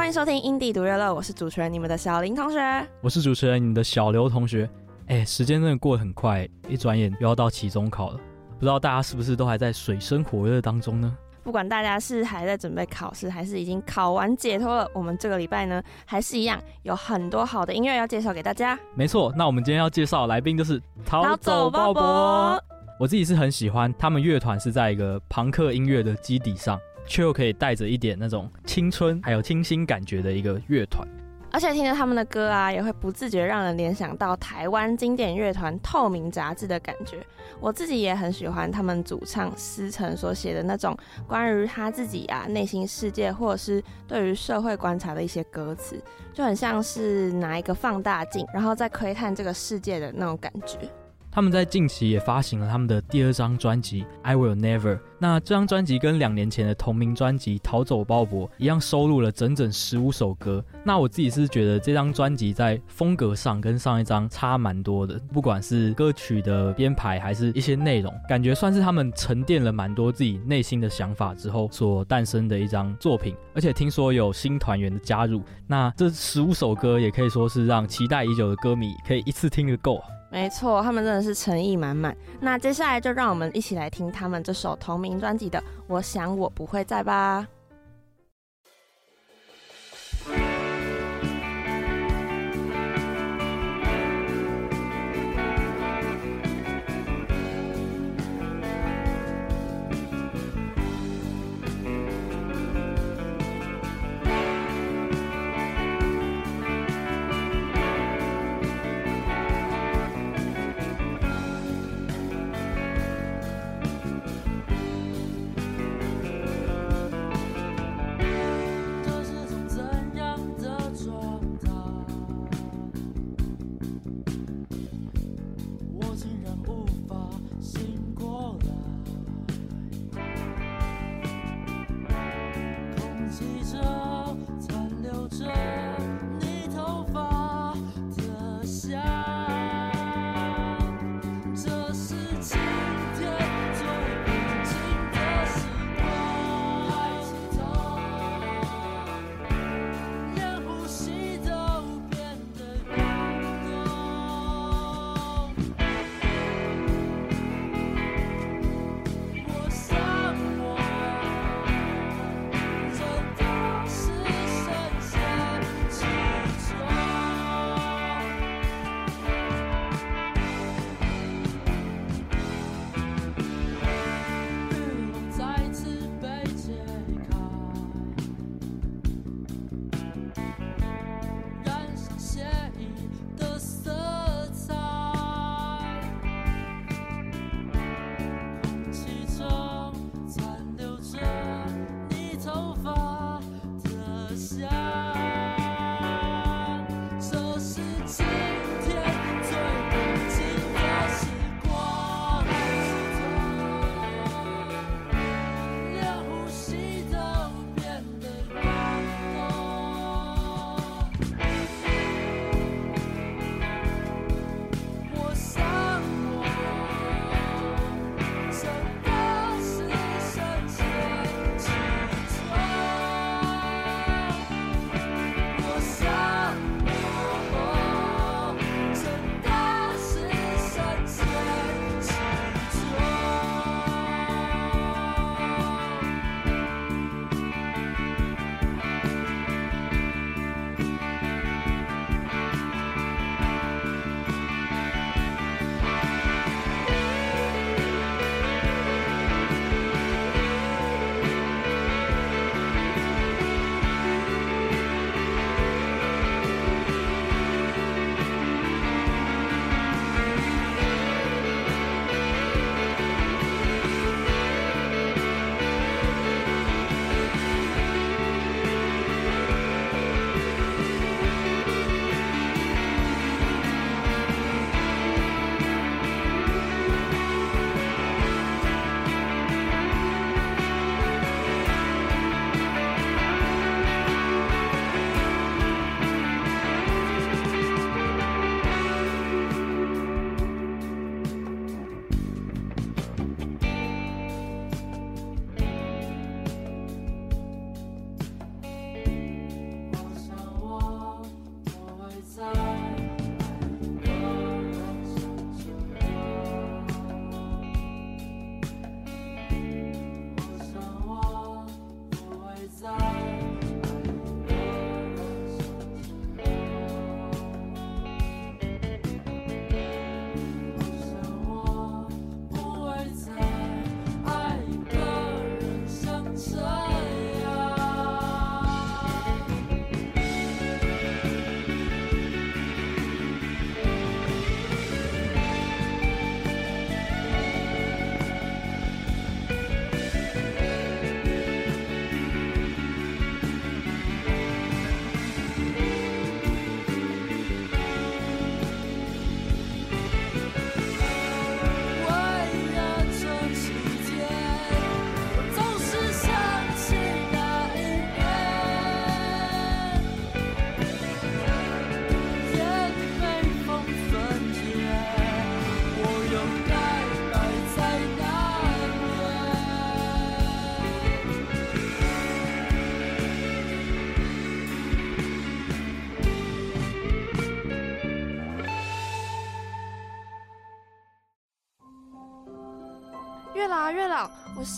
歡迎收聽《Indie 獨樂樂》，我是主持人你們的小林同學。我是主持人你們的小劉同學。哎，時間真的過得很快，一轉眼又要到期中考了。不知道大家是不是都還在水深火熱當中呢？不管大家是還在準備考試，還是已經考完解脫了，我們這個禮拜呢，還是一樣有很多好的音樂要介紹給大家。沒錯，那我們今天要介紹的來賓就是逃走鮑伯。我自己是很喜歡他們樂團，是在一個龐克音樂的基底上，卻又可以帶着一點那種青春還有清新感覺的一個樂團，而且聽着他們的歌啊，也會不自覺讓人聯想到台灣經典樂團《透明雜誌》的感覺。我自己也很喜歡他們主唱思岑所寫的那種關於他自己啊內心世界或者是對於社會觀察的一些歌詞，就很像是拿一個放大鏡，然後再窺探這個世界的那種感覺。他們在近期也發行了他們的第二張專輯《I Will Never》。那這張專輯跟兩年前的同名專輯《逃走鮑伯》一樣，收錄了整整十五首歌。那我自己是覺得這張專輯在風格上跟上一張差蠻多的，不管是歌曲的編排還是一些內容，感覺算是他們沉澱了蠻多自己內心的想法之後所誕生的一張作品。而且聽說有新團員的加入，那這十五首歌也可以說是讓期待已久的歌迷可以一次聽個夠。沒錯，他們真的是誠意滿滿。那接下來就讓我們一起來聽他們這首同名專輯的《我想我不會再愛》。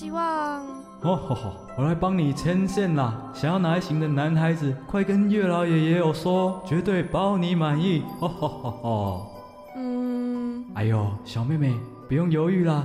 希望，我來幫你牽線啦！想要哪一型的男孩子，快跟月老爺爺有說，mm -hmm. 絕對包你滿意！嗯、oh, oh，oh, oh. mm -hmm. 哎呦，小妹妹，不用猶豫啦。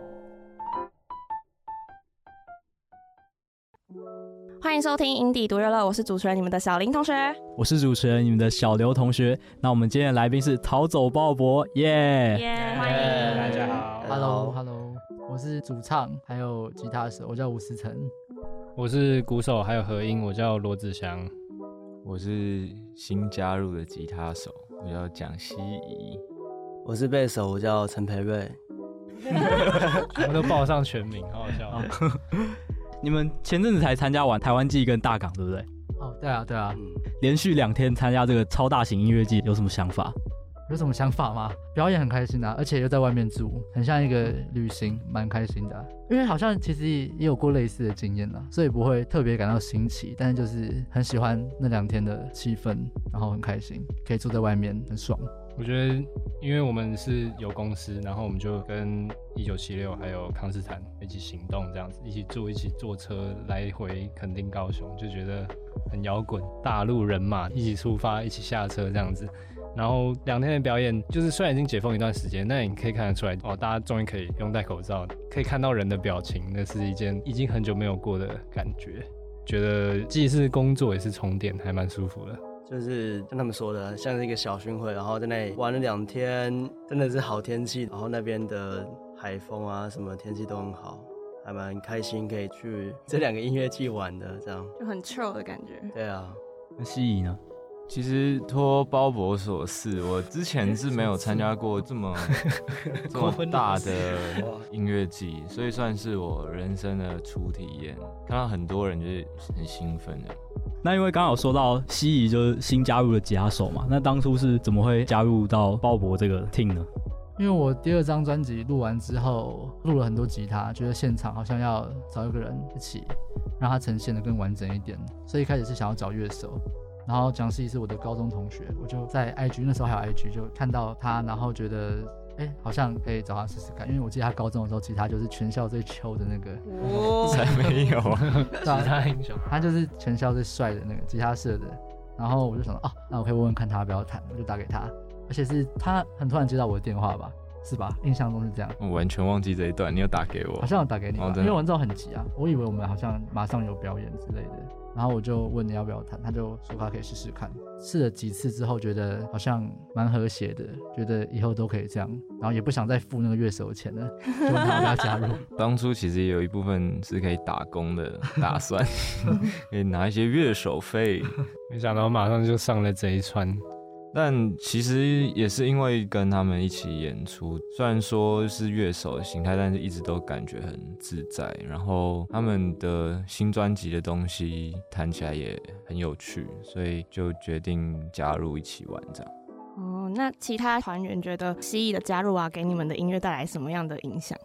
歡迎收聽《Indie 獨樂樂》，我是主持人你們的小林同學，我是主持人你們的小劉同學。那我們今天的來賓是逃走鮑伯，耶！耶。大家好，Hello Hello，我是主唱，主唱主唱主唱 Hello. 還有吉他手，Hello. 我叫吳思岑；Hello. 我是鼓手，Hello. 還有和音，音，我叫羅志祥；我是新加入的吉他手，我叫蔣希夷；我是貝手，我叫陳培睿。我都報上全名，好好笑。你們前陣子才參加完台灣祭、跟大港，對不對？哦、oh，對啊，對啊，連續兩天參加這個超大型音樂祭，有什麼想法？有什麼想法嗎？表演很開心啊，而且又在外面住，很像一個旅行，蠻開心的啊。因為好像其實也有過類似的經驗了啊，所以不會特別感到新奇，但是就是很喜歡那兩天的氣氛，然後很開心，可以住在外面，很爽。我覺得，因為我們是有公司，然後我們就跟一九七六還有康斯坦一起行動，這樣子一起坐一起坐車來回，墾丁高雄，就覺得很搖滾，大陸人馬一起出發，一起下車這樣子。然後兩天的表演，就是雖然已經解封一段時間，但你可以看得出來哦，大家終於可以不用戴口罩，可以看到人的表情，那是一件已經很久沒有過的感覺。覺得既是工作也是充電，還蠻舒服的。就是跟他們說的，像是一個小巡迴，然後在那裡玩了兩天，真的是好天氣，然後那邊的海風啊，什麼天氣都很好，還蠻開心，可以去這兩個音樂季玩的，這樣就很 chill 的感覺。對啊，那希夷呢？其實托鮑伯所賜，我之前是沒有參加過這麼 這麼大的音樂季， 所以算是我人生的初體驗，看到很多人就是很興奮的。那因為剛好說到希夷就是新加入的吉他手嘛，那當初是怎麼會加入到鮑伯這個 team 呢？因為我第二張專輯錄完之後，錄了很多吉他，覺得現場好像要找一個人一起，讓他呈現得更完整一點，所以一開始是想要找樂手，然後講希夷是我的高中同學，我就在 IG 那時候還有 IG 就看到他，然後覺得。好像可以找他試試看，因為我記得他高中的時候，吉他就是全校最秋的那個，哦、 才沒有啊，啊，吉 他英雄、啊，他就是全校最帥的那個，吉他社的，然後我就想，哦，那我可以問問看他不要彈，我就打給他，而且是他很突然接到我的電話吧。是吧？印象中是這樣。我完全忘記這一段，你有打給我？好像有打給你吧。哦，因為我之後很急啊。我以為我們好像馬上有表演之類的，然後我就問你要不要彈。他就說他可以試試看。試了幾次之後，覺得好像蠻和諧的，覺得以後都可以這樣，然後也不想再付那個樂手錢了，就讓他加入。 當初其實也有一部分是可以打工的打算， 可以拿一些樂手費， 沒想到馬上就上了賊船。但其實也是因為跟他們一起演出，雖然說是樂手的形態，但是一直都感覺很自在。然後他們的新專輯的東西彈起來也很有趣，所以就決定加入一起玩這樣。哦，那其他團員覺得希夷的加入啊，給你們的音樂帶來什麼樣的影響？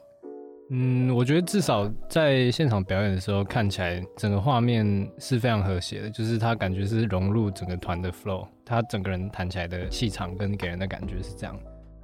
嗯，我覺得至少在現場表演的時候，看起來整個畫面是非常和諧的，就是他感覺是融入整個團的 flow，他整個人彈起來的氣場跟給人的感覺是這樣。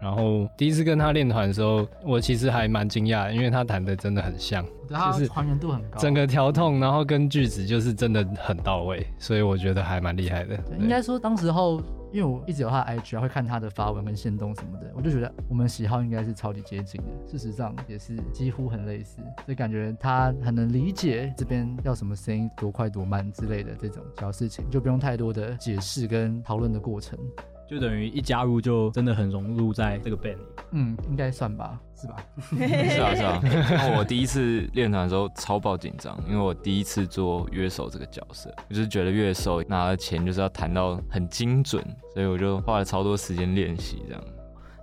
然後第一次跟他練團的時候，我其實還蠻驚訝，因為他彈的真的很像，就是還原度很高，整個調 tone，然後跟句子就是真的很到位，所以我覺得還蠻厲害的。應該說當時候。因為我一直有他的 IG 啊，會看他的發文跟限動什麼的，我就覺得我們喜好應該是超級接近的，事實上也是幾乎很類似，所以感覺他很能理解這邊要什麼聲音多快多慢之類的這種小事情，就不用太多的解釋跟討論的過程。就等於一加入就真的很融入在這個 band 裡，嗯，應該算吧，是吧？是 啊 是啊。那、啊、我第一次練團的時候超爆緊張，因為我第一次做樂手這個角色，就是覺得樂手拿的錢就是要彈到很精準，所以我就花了超多時間練習這樣。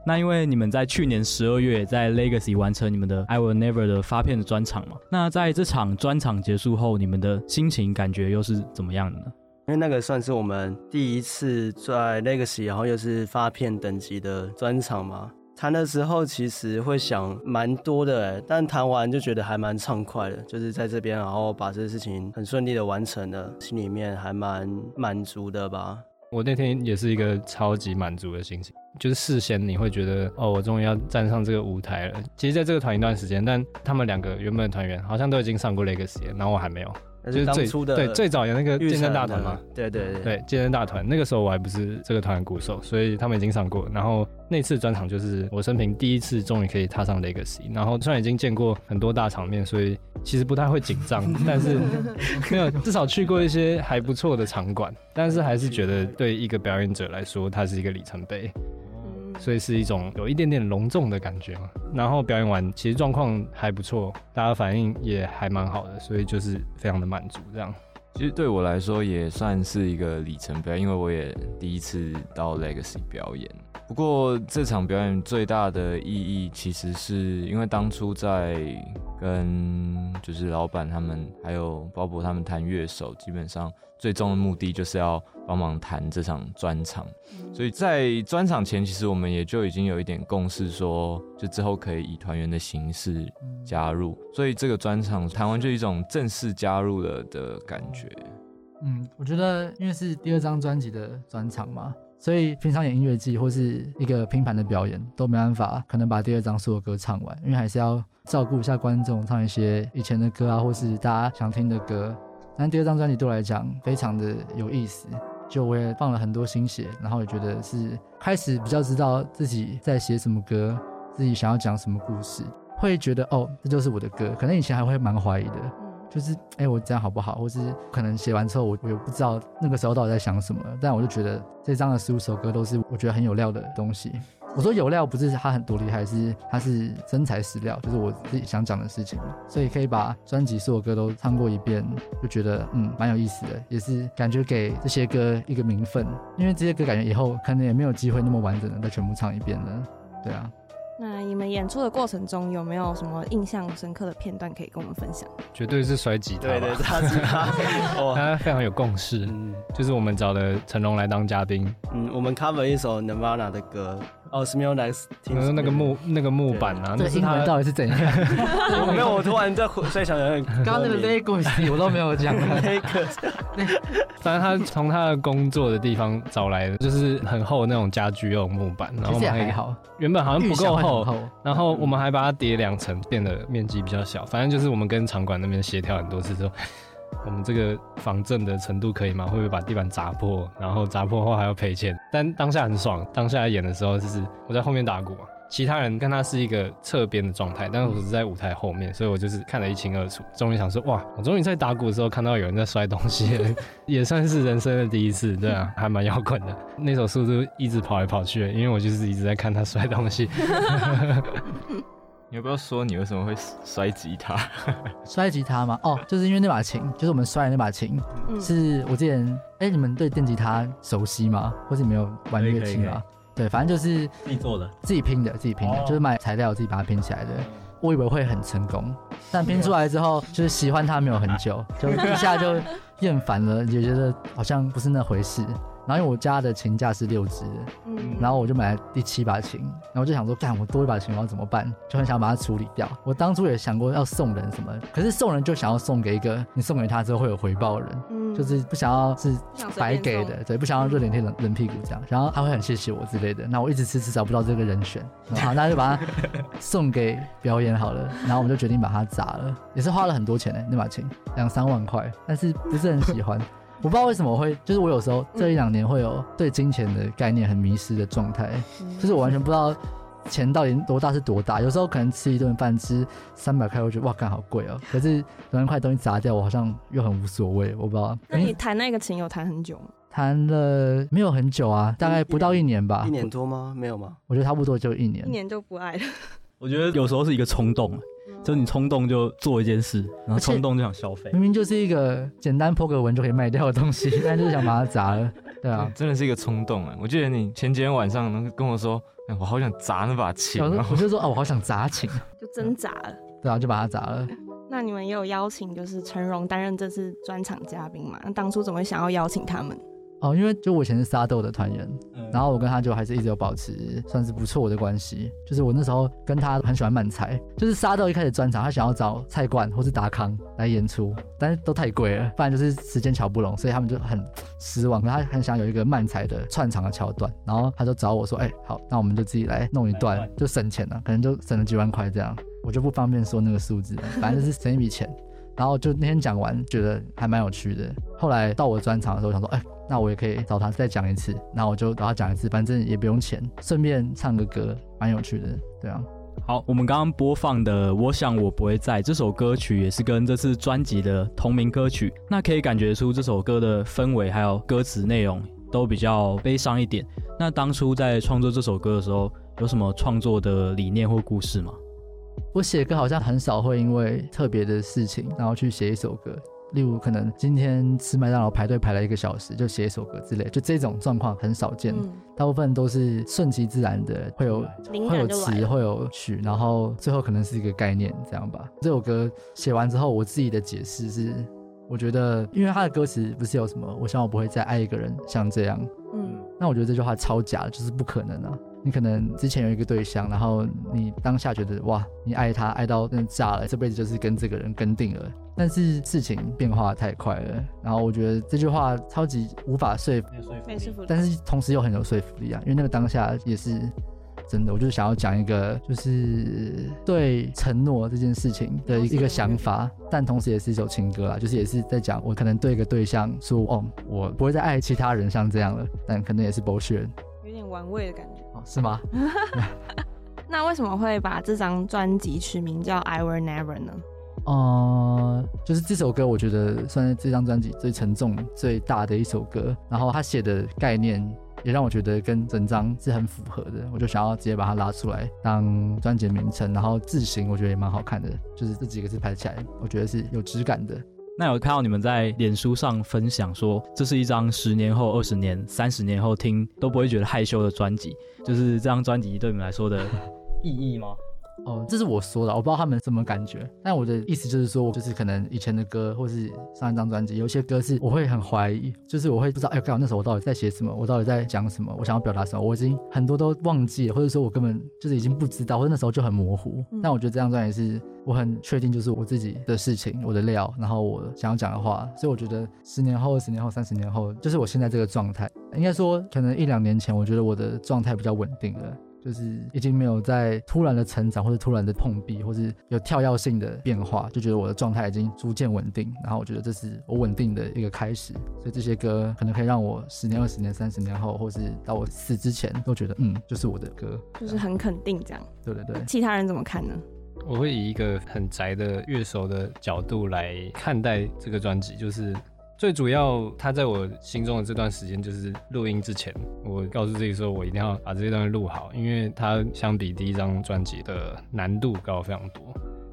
那因為你們在去年十二月在 Legacy 完成你們的 I Will Never 的發片的專場嘛，那在這場專場結束後，你們的心情感覺又是怎麼樣的呢？因為那個算是我們第一次在 Legacy，然後又是發片等級的專場嘛，談的時候其實會想蠻多的欸，但談完就覺得還蠻暢快的，就是在這邊然後把這個事情很順利的完成了，心裡面還蠻滿足的吧。我那天也是一個超級滿足的心情，就是事先你會覺得哦，我終於要站上這個舞台了。其實在這個團一段時間，但他們兩個原本團員好像都已經上過 Legacy 了，然後我還沒有。初的的就是最，對最早有那個健身大團嘛，對對對，對健身大團那個時候我還不是這個團的鼓手，所以他們已經上過，然後那次專場就是我生平第一次終於可以踏上 Legacy，然後雖然已經見過很多大場面，所以其實不太會緊張， 但是沒有至少去過一些還不錯的場館，但是還是覺得對一個表演者來說，它是一個里程碑。所以是一種有一點點隆重的感覺嘛。然後表演完，其實狀況還不錯，大家反應也還蠻好的，所以就是非常的滿足。這樣，其實對我來說也算是一個里程碑，因為我也第一次到 Legacy 表演。不過這場表演最大的意義，其實是因為當初在跟就是老闆他們，還有鮑伯他們談樂手，基本上。最終的目的就是要幫忙談這場專場，所以在專場前，其實我們也就已經有一點共識，說就之後可以以團員的形式加入。所以這個專場，彈完就一種正式加入了的感覺。嗯，我覺得因為是第二張專輯的專場嘛，所以平常演音樂劇或是一個拼盤的表演都沒辦法，可能把第二張所有歌唱完，因為還是要照顧一下觀眾，唱一些以前的歌啊，或是大家想聽的歌。但第二張專輯對我來講非常的有意思，就我也放了很多心血，然後也覺得是開始比較知道自己在寫什麼歌，自己想要講什麼故事，會覺得哦，這就是我的歌。可能以前還會蠻懷疑的，就是哎、欸，我這樣好不好？或是可能寫完之後，我我又不知道那個時候到底在想什麼。但我就覺得這張的十五首歌都是我覺得很有料的東西。我說有料不是他很多立，還是他是真材實料，就是我自己想講的事情，所以可以把專輯所有歌都唱過一遍，就覺得嗯蠻有意思的，也是感覺給這些歌一個名分，因為這些歌感覺以後可能也沒有機會那麼完整的再全部唱一遍了，對啊。那你們演出的過程中有沒有什麼印象深刻的片段可以跟我們分享？絕對是甩幾大，對對是他，他， 他非常有共識，就是我們找的成龍來當嘉賓，嗯，我們 cover 一首 Nevada 的歌。哦 s m i l e 聽說那個木那個木板啊，那個它到底是怎樣？ 我沒有，我突然在在 想，想很，剛剛那個 Legos 我都沒有講。Legos 那，反正他從他的工作的地方找來的，就是很厚的那種家具用木板，然後我們還好，原本好像不夠厚，然後我們還把它疊兩層，變得面積比較小。反正就是我們跟場館那邊協調很多次之後。我們這個防震的程度可以嗎？會不會把地板砸破？然後砸破後還要賠錢？但當下很爽，當下演的時候就是我在後面打鼓，其他人跟他是一個側邊的狀態，但是我是在舞台後面，所以我就是看得一清二楚。終於想說，哇，我終於在打鼓的時候看到有人在摔東西， 也算是人生的第一次，對啊，還蠻搖滾的。那首速度就一直跑來跑去，因為我就是一直在看他摔東西。 你有沒有說你為什麼會摔吉他，摔 吉他嗎？哦，就是因為那把琴，就是我們摔的那把琴，嗯、是我之前哎、欸，你們對電吉他熟悉嗎？或是沒有玩樂器嗎？對？對，反正就是自己，自己做的，自己拼的，自己拼的，就是買材料自己把它拼起來的。我以為會很成功，但拼出來之後，yeah. 就是喜歡它沒有很久， 就一下就厭煩了，也覺得好像不是那回事。然後因為我家的琴架是六支的，嗯，然後我就買了第七把琴，然後我就想說，幹我多一把琴，我要怎麼辦？就很想把它處理掉。我當初也想過要送人什麼，可是送人就想要送給一個你送給他之後會有回報的人，嗯，就是不想要是想白給的，對，不想要熱臉貼人，人屁股這樣，然後他會很謝謝我之類的。那我一直遲遲找不到這個人選，然後好，那就把它送給表演好了。 然後我們就決定把它砸了，也是花了很多錢誒，欸，那把琴兩三萬塊，但是不是很喜歡。嗯我不知道為什麼我會，就是我有時候這一兩年會有對金錢的概念很迷失的狀態、嗯,就是我完全不知道錢到底多大是多大。有時候可能吃一頓飯吃三百塊，塊我覺得哇，幹好貴啊！可是兩三塊東西砸掉，我好像又很無所謂。我不知道。那你彈那個琴有彈很久嗎？彈了沒有很久啊？大概不到一年吧。一年多嗎？沒有嗎？我覺得差不多就一年。一年就不愛了。我覺得有時候是一個衝動。就你衝動就做一件事，然後衝動就想消費，明明就是一個簡單 PO 個文就可以賣掉的東西， 但就是想把它砸了，對啊，欸、真的是一個衝動哎、欸！我記得你前幾天晚上能跟我說，哎、欸，我好想砸那把琴，嗯、我就說 啊，我好想砸琴，就真砸了，對啊，就把它砸了。那你們也有邀請就是陳榮擔任這次專場嘉賓嘛？那當初怎麼會想要邀請他們？哦，因為就我以前是沙豆的團員，然後我跟他就還是一直有保持算是不錯的關係。就是我那時候跟他很喜歡漫才，就是沙豆一開始專場，他想要找菜館或是達康來演出，但是都太貴了，不然就是時間敲不攏，所以他們就很失望。可他很想有一個漫才的串場的橋段，然後他就找我說，哎、欸，好，那我們就自己來弄一段，就省錢了、啊，可能就省了幾萬塊這樣，我就不方便說那個數字了，反正就是省一筆錢。 然後就那天講完，覺得還蠻有趣的。後來到我專場的時候，我想說，哎，那我也可以找他再講一次。然後我就找他講一次，反正也不用錢，順便唱個歌，蠻有趣的。對啊，好，我們剛剛播放的《我想我不會再》這首歌曲，也是跟這次專輯的同名歌曲。那可以感覺出這首歌的氛圍還有歌詞內容都比較悲傷一點。那當初在創作這首歌的時候，有什麼創作的理念或故事嗎？我寫歌好像很少會因為特別的事情，然後去寫一首歌。例如，可能今天吃麥當勞排隊排了一個小時，就寫一首歌之類，就這種狀況很少見。大部分都是順其自然的，會有會有詞，會有曲，然後最後可能是一個概念這樣吧。這首歌寫完之後，我自己的解釋是，我覺得因為它的歌詞不是有什麼，我希望我不會再愛一個人，像這樣。嗯，那我覺得這句話超假的，就是不可能啊。你可能之前有一個對象，然後你當下覺得哇，你愛他愛到真的炸了，這輩子就是跟這個人跟定了。但是事情變化太快了，然後我覺得這句話超級無法說服，說服但是同時又很有說服力啊！因為那個當下也是真的，我就想要講一個，就是對承諾這件事情的一個想法，但同時也是一首情歌啊，就是也是在講我可能對一個對象說，哦，我不會再愛其他人像這樣了，但可能也是博學，有點玩味的感覺。是嗎？ 那為什麼會把這張專輯取名叫《I Will Never》呢？嗯、uh，就是這首歌我覺得算是這張專輯最沉重、最大的一首歌。然後他寫的概念也讓我覺得跟整張是很符合的。我就想要直接把它拉出來當專輯名稱，然後字形我覺得也蠻好看的，就是這幾個字排起來，我覺得是有質感的。那有看到你們在臉書上分享說，這是一張十年後、二十年、三十年後聽都不會覺得害羞的專輯，就是這張專輯對你們來說的 意義嗎？哦、嗯，這是我說的，我不知道他們什麼感覺，但我的意思就是說，就是可能以前的歌，或是上一張專輯，有些歌是我會很懷疑，就是我會不知道哎呦、欸、剛好，那時候我到底在寫什麼，我到底在講什麼，我想要表達什麼，我已經很多都忘記了，或者說我根本就是已經不知道，或者那時候就很模糊。嗯、但我覺得這張專輯是。我很確定，就是我自己的事情，我的料，然後我想要講的話，所以我覺得十年後、二十年後、三十年後，就是我現在這個狀態。應該說，可能一兩年前，我覺得我的狀態比較穩定了，就是已經沒有再突然的成長，或者突然的碰壁，或是有跳躍性的變化，就覺得我的狀態已經逐漸穩定。然後我覺得這是我穩定的一個開始。所以這些歌可能可以讓我十年、二十年、三十年後，或是到我死之前，都覺得嗯，就是我的歌，就是很肯定這樣。對對對。其他人怎麼看呢？我會以一個很宅的樂手的角度來看待這個專輯，就是最主要，它在我心中的這段時間，就是錄音之前，我告訴自己說，我一定要把這段錄好，因為它相比第一張專輯的難度高非常多，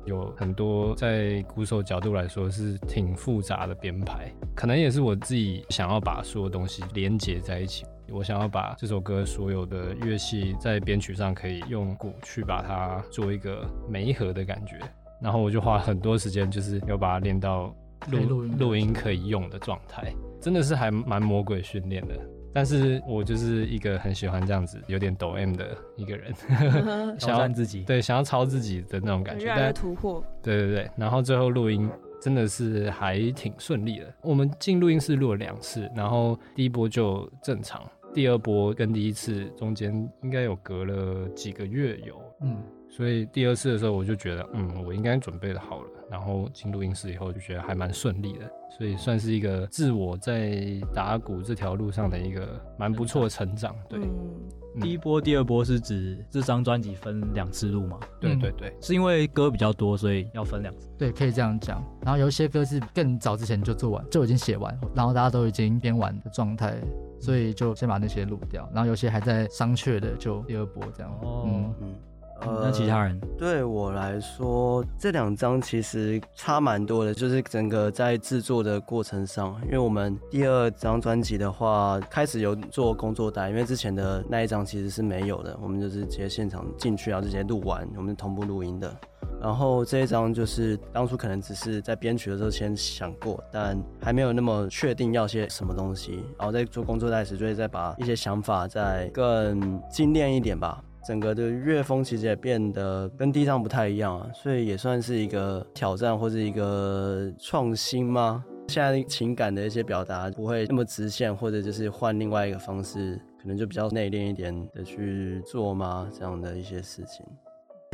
有很多在鼓手角度來說是挺複雜的編排，可能也是我自己想要把所有東西連結在一起。我想要把這首歌所有的樂器在編曲上可以用鼓去把它做一個媒合的感覺，然後我就花很多時間，就是要把它練到錄錄音可以用的狀態，真的是還蠻魔鬼訓練的。但是我就是一個很喜歡這樣子有點抖 M 的一個人， 想要自己對，想要抄自己的那種感覺，但突破對對對。然後最後錄音真的是還挺順利的，我們進錄音室錄了兩次，然後第一波就正常。第二波跟第一次中間應該有隔了幾個月有，嗯，所以第二次的時候我就覺得，嗯，我應該準備了好了。然後進錄音室以後就覺得還蠻順利的，所以算是一個自我在打鼓這條路上的一個蠻不錯的成長，對。嗯嗯、第一波、第二波是指這張專輯分兩次錄嗎？嗯？對對對，是因為歌比較多，所以要分兩次。對，可以這樣講。然後有些歌是更早之前就做完，就已經寫完，然後大家都已經編完的狀態，所以就先把那些錄掉。然後有些還在商榷的，就第二波這樣。哦。嗯嗯呃、嗯，那其他人、呃、對我來說，這兩張其實差蠻多的，就是整個在制作的過程上，因為我們第二張專輯的話，開始有做工作帶，因為之前的那一張其實是沒有的，我們就是直接現場進去然後直接錄完，我們同步錄音的。然後這一張就是當初可能只是在編曲的時候先想過，但還沒有那麼確定要些什麼東西，然後在做工作帶時，就會再把一些想法再更精煉一點吧。整個的樂風其實也變得跟第一張不太一樣啊，所以也算是一個挑戰或是一個創新嗎？現在情感的一些表達不會那麼直線，或者就是換另外一個方式，可能就比較內斂一點的去做嗎？這樣的一些事情。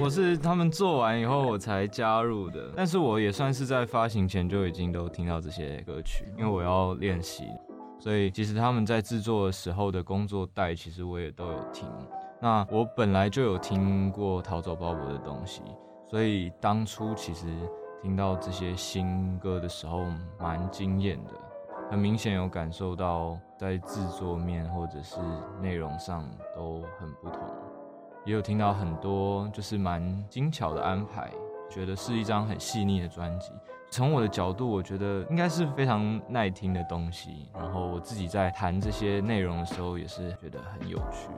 我是他們做完以後我才加入的，但是我也算是在發行前就已經都聽到這些歌曲，因為我要練習，所以其實他們在制作的時候的工作帶，其實我也都有聽。那我本來就有聽過逃走鮑伯的東西，所以當初其實聽到這些新歌的時候蠻驚艷的，很明顯有感受到在製作面或者是內容上都很不同，也有聽到很多就是蠻精巧的安排，覺得是一張很細膩的專輯。從我的角度，我覺得應該是非常耐聽的東西。然後我自己在談這些內容的時候，也是覺得很有趣。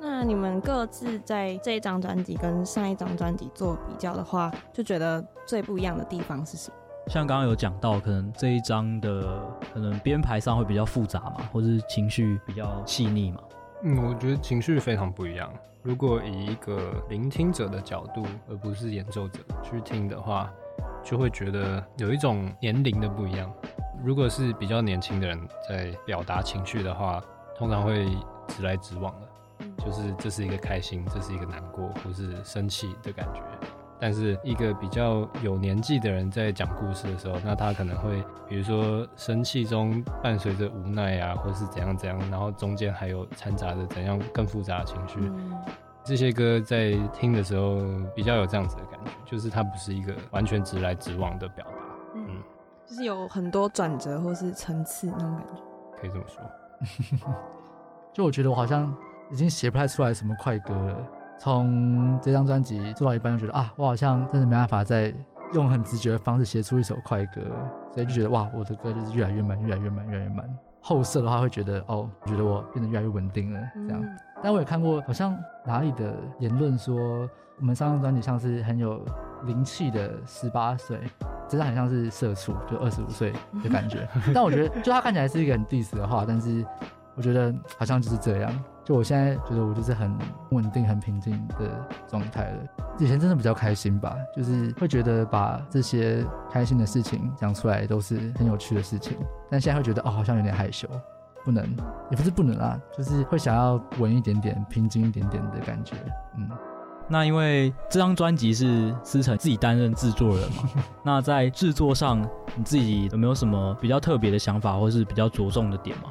那你們各自在這一張專輯跟上一張專輯做比較的話，就覺得最不一樣的地方是什麼？像剛剛有講到，可能這一張的可能編排上會比較複雜嘛，或是情緒比較細膩嘛。嗯，我覺得情緒非常不一樣。如果以一個聆聽者的角度，而不是演奏者去聽的話，就會覺得有一種年齡的不一樣。如果是比較年輕的人在表達情緒的話，通常會直來直往的。就是這是一個開心，這是一個難過，或是生氣的感覺。但是一個比較有年紀的人在講故事的時候，那他可能會，比如說生氣中伴隨着無奈啊，或是怎樣怎樣，然後中間還有摻雜着怎樣更複雜的情緒。嗯，這些歌在聽的時候，比較有這樣子的感覺，就是它不是一個完全直來直往的表達，嗯，就是有很多轉折或是層次那種感覺，可以這麼說。 就我覺得我好像。已經寫不太出來什麼快歌了。從這張專輯做到一半，就覺得啊，我好像真的沒辦法再用很直覺的方式寫出一首快歌，所以就覺得哇，我的歌就是越來越慢，越來越慢，越來越慢。後色的話會覺得哦，我覺得我變得越來越穩定了這樣，嗯。但我也看過好像哪裡的言論說，我們上張專輯像是很有靈氣的十八歲，這張很像是社畜，就二十五歲的感覺。嗯、 但我覺得就他看起來是一個很 diss 的話，但是我覺得好像就是這樣。就我現在覺得我就是很穩定、很平靜的狀態了。以前真的比較開心吧，就是會覺得把這些開心的事情講出來都是很有趣的事情。但現在會覺得哦，好像有點害羞，不能，也不是不能啦、啊，就是會想要穩一點點、平靜一點點的感覺。嗯，那因為這張專輯是思岑自己擔任制作人嘛， 那在制作上你自己有沒有什麼比較特別的想法，或者是比較着重的點嗎？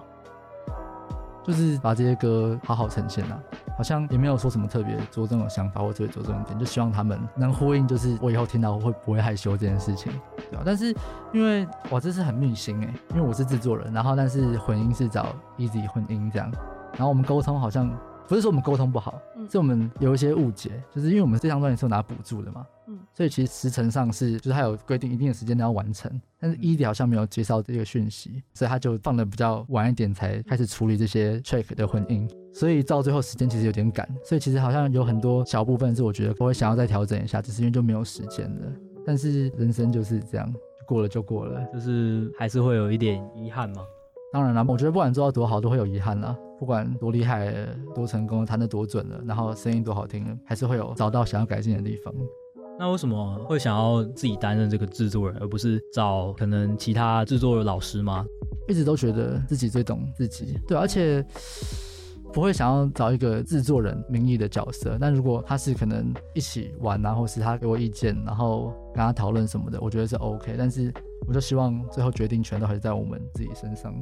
就是把這些歌好好呈現了，啊，好像也沒有說什麼特別着重的想法或者着重的點，就希望他們能呼應，就是我以後聽到我會不會害羞這件事情，對啊。但是因為我這是很女心誒、欸，因為我是制作人，然後但是混音是找 Easy 混音這樣，然後我們溝通好像。不是說我們溝通不好、嗯，是我們有一些誤解，就是因為我們這張專輯是有拿補助的嘛，嗯，所以其實時程上是，就是他有規定一定的時間要完成，但是伊迪好像沒有接受這個訊息，所以他就放了比較晚一點才開始處理這些 track 的混音，所以到最後時間其實有點趕，所以其實好像有很多小部分是我覺得我會想要再調整一下，只是因為就沒有時間了。但是人生就是這樣，過了就過了、欸，就是還是會有一點遺憾嘛。當然了，我覺得不管做到多好，都會有遺憾啦。不管多厲害、多成功，彈得多準了，然後聲音多好聽，還是會有找到想要改進的地方。那為什麼會想要自己擔任這個制作人，而不是找可能其他制作的老師嗎？一直都覺得自己最懂自己，對，而且不會想要找一個制作人名義的角色。但如果他是可能一起玩啊，或是他給我意見，然後跟他討論什麼的，我覺得是 OK。但是。我就希望最後決定權都還是在我們自己身上。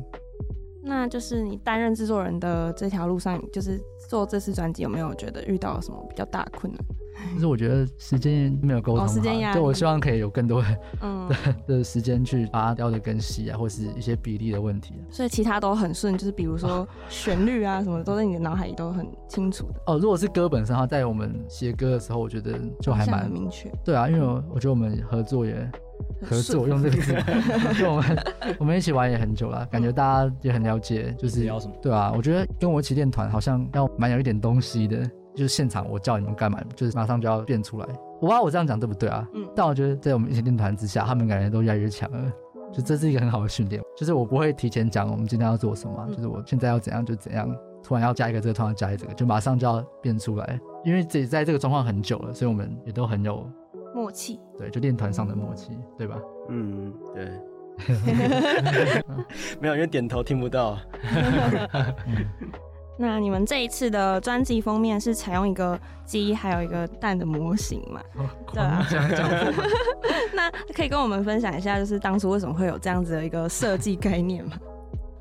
那就是你擔任制作人的這條路上，就是做這次專輯，有沒有覺得遇到什麼比較大的困難？就是我覺得時間沒有溝通好、哦，時間呀。對，我希望可以有更多的嗯的時間去把它雕得更細啊，或是一些比例的問題、啊。所以其他都很順，就是比如說旋律啊什麼的、哦，都在你的腦海裡都很清楚的。哦，如果是歌本身它在我們寫歌的時候，我覺得就還蠻明確。對啊，因為我覺得我們合作也。合作用這個字，就我們我們一起玩也很久了，感覺大家也很了解，就是對啊，我覺得跟我一起練團好像要蠻有一點東西的，就是現場我叫你們幹嘛，就是馬上就要變出來。我不知道我這樣講對不對啊？但我覺得在我們一起練團之下，他們感覺都越來越強了，就這是一個很好的訓練。就是我不會提前講我們今天要做什麼，就是我現在要怎樣就怎樣，突然要加一個這個，突然加一個這個，就馬上就要變出來。因為自己在這個狀況很久了，所以我們也都很有。默契，對，就練團上的默契，對吧？嗯，對。 沒有，因為點頭聽不到。 那你們這一次的專輯封面是採用一個雞還有一個蛋的模型嘛？哦、對啊。 那可以跟我們分享一下，就是當初為什麼會有這樣子的一個設計概念嗎？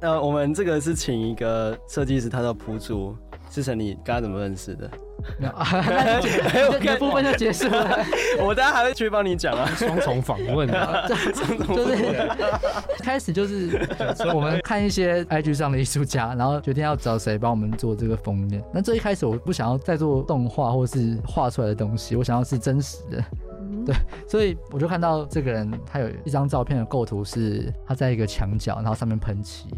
呃， 我們這個是請一個設計師他的，他叫朴竹。思岑，你剛剛怎麼認識的？那、啊 欸欸、部分就結束了，我等下還會去幫你講啊。雙重訪問啊，就是對開始就是 就我們看一些 IG 上的藝術家，然後決定要找誰幫我們做這個封面。那這一開始，我不想要再做動畫或是畫出來的東西，我想要是真實的。對，所以我就看到這個人，他有一張照片的構圖是他在一個牆角，然後上面噴漆。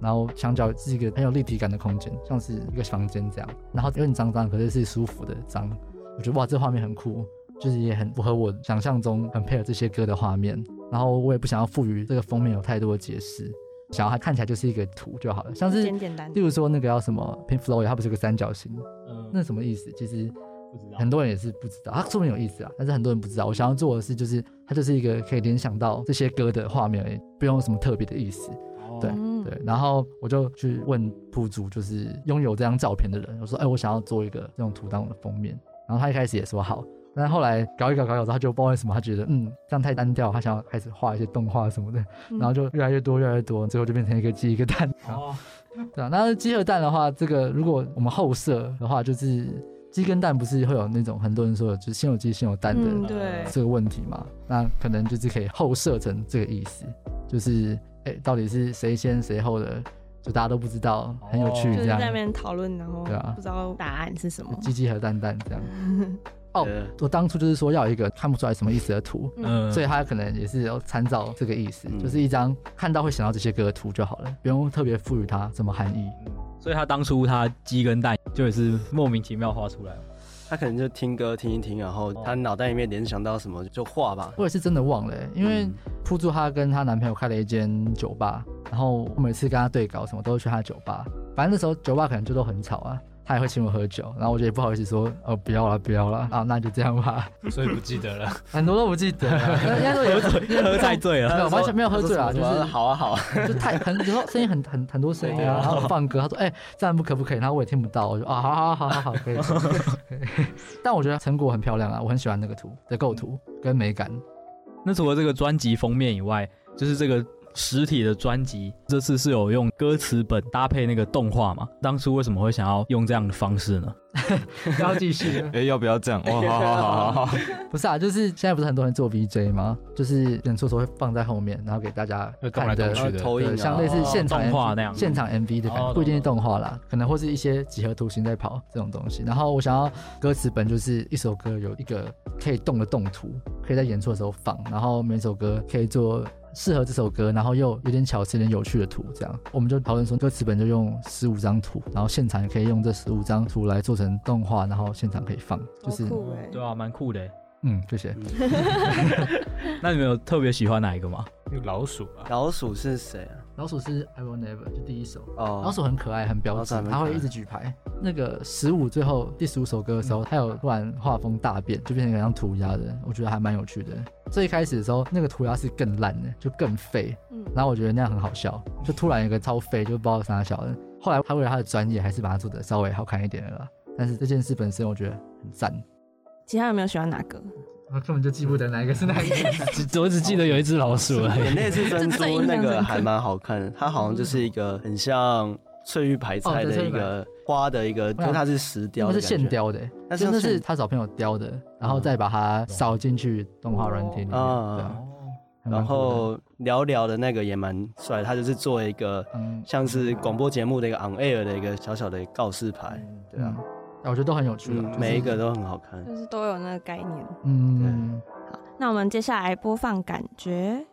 然後牆角是一個很有立體感的空間，像是一個房間這樣。然後有點髒髒，可是是舒服的髒。我覺得哇，這畫面很酷，就是也很符合我想象中很配合這些歌的畫面。然後我也不想要賦予這個封面有太多的解釋，想要它看起來就是一個圖就好了，像是簡簡單單例如說那個叫什麼 Pink Floyd，它不是一個三角形？嗯，那什麼意思？其實很多人也是不知道，它說明有意思啊，但是很多人不知道。我想要做的是，就是它就是一個可以聯想到這些歌的畫面而已，不用有什麼特別的意思。對、嗯、對，然後我就去問鋪主，就是擁有這張照片的人，我說：“哎、欸，我想要做一個這種圖當我的封面。”然後他一開始也說好，但是後來搞一搞搞一搞之後，就不知道為什麼他覺得嗯這樣太單調，他想要開始畫一些動畫什麼的，嗯、然後就越來越多越來越多，最後就變成一個雞一個蛋然後。哦，對啊，那雞和蛋的話，這個如果我們後設的話，就是雞跟蛋不是會有那種很多人說的就是先有雞先有蛋的這、嗯、個問題嘛？那可能就是可以後設成這個意思，就是。到底是誰先誰後的，就大家都不知道，oh. 很有趣這樣。就是，在那邊討論，然後不知道答案是什麼。雞雞、啊、和蛋蛋這樣。哦、 oh，我當初就是說要一個看不出來什麼意思的圖，嗯、所以他可能也是要參照這個意思，嗯、就是一張看到會想到這些歌的圖就好了，嗯、不用特別賦予它什麼含義。所以他當初他雞跟蛋，就也是莫名其妙畫出來。他可能就聽歌聽一聽，然後他腦袋裡面聯想到什麼就畫吧。我也是真的忘了，因為鋪助她跟她男朋友開了一間酒吧，然後我每次跟他對稿什麼都會去他酒吧，反正那時候酒吧可能就都很吵啊。他也會請我喝酒，然後我覺得也不好意思說，哦，不要了，不要了，哦，啊，那就這樣吧。所以不記得了，很多都不記得了。應該說有，因為喝，喝太醉了， No, 沒有完全沒有喝醉啊。就是好啊好啊，就，是， 就太很，你，就是，說聲音很很很多聲音啊，啊，然後放歌。 他說，哎，欸，這樣不可不可以？然後我也聽不到，我說啊，好好好好好，可以。 但我覺得成果很漂亮啊，我很喜歡那個圖的構圖跟美感。 那除了這個專輯封面以外，就是這個。實體的專輯，這次是有用歌詞本搭配那個動畫嘛？當初為什麼會想要用這樣的方式呢？ 要繼續？哎、 欸，要不要這樣？Oh, 好，好好好，不是啊，就是現在不是很多人做 VJ 嗎？就是演出的時候會放在後面，然後給大家看的，動來動去的、啊、投影、啊，像類似現場 MV、哦、那樣，現場 M V 的感覺、哦，不一定是動畫啦、哦，可能或是一些幾何圖形在跑這種東西。然後我想要歌詞本就是一首歌有一個可以動的動圖，可以在演出的時候放，然後每首歌可以做。適合這首歌，然後又有點巧思，有點有趣的圖，這樣我們就討論說，歌詞本就用十五張圖，然後現場也可以用這十五張圖來做成動畫，然後現場可以放，就是、嗯、對啊，蠻酷的，嗯，謝謝 那你們有特別喜歡哪一個嗎？有老鼠啊，老鼠是誰啊？老鼠是 I Will Never，就第一首。哦、oh，老鼠很可愛，很標緻，他會一直舉牌。那個十五，最後第十五首歌的時候，他、嗯、有突然畫風大變，就變成一張塗鴉的，我覺得還蠻有趣的。最一開始的時候，那個塗鴉是更爛的，就更廢。嗯，然後我覺得那樣很好笑，就突然一個超廢，就不知道個小的。後來他為了他的專業，還是把它做的稍微好看一點了啦。但是這件事本身，我覺得很讚。其他有沒有喜歡哪個？我根本就記不得哪一個是哪一個， 我只記得有一隻老鼠了、哦。那只是珍珠，那個還蠻好看的。它好像就是一個很像翠玉白菜的一個花的一個，因、哦、為它是石雕的，它是線雕的，但是那是他找朋友雕的、嗯，然後再把它掃進去動畫軟體裡面、嗯。然後聊聊的那個也蠻帥、嗯，它就是做一個像是廣播節目的一個 on air 的一個小小的告示牌，嗯、對啊。我覺得都很有趣的，嗯，就是，每一個都很好看，就是都有那個概念。嗯，對。好，那我們接下來播放《感覺》。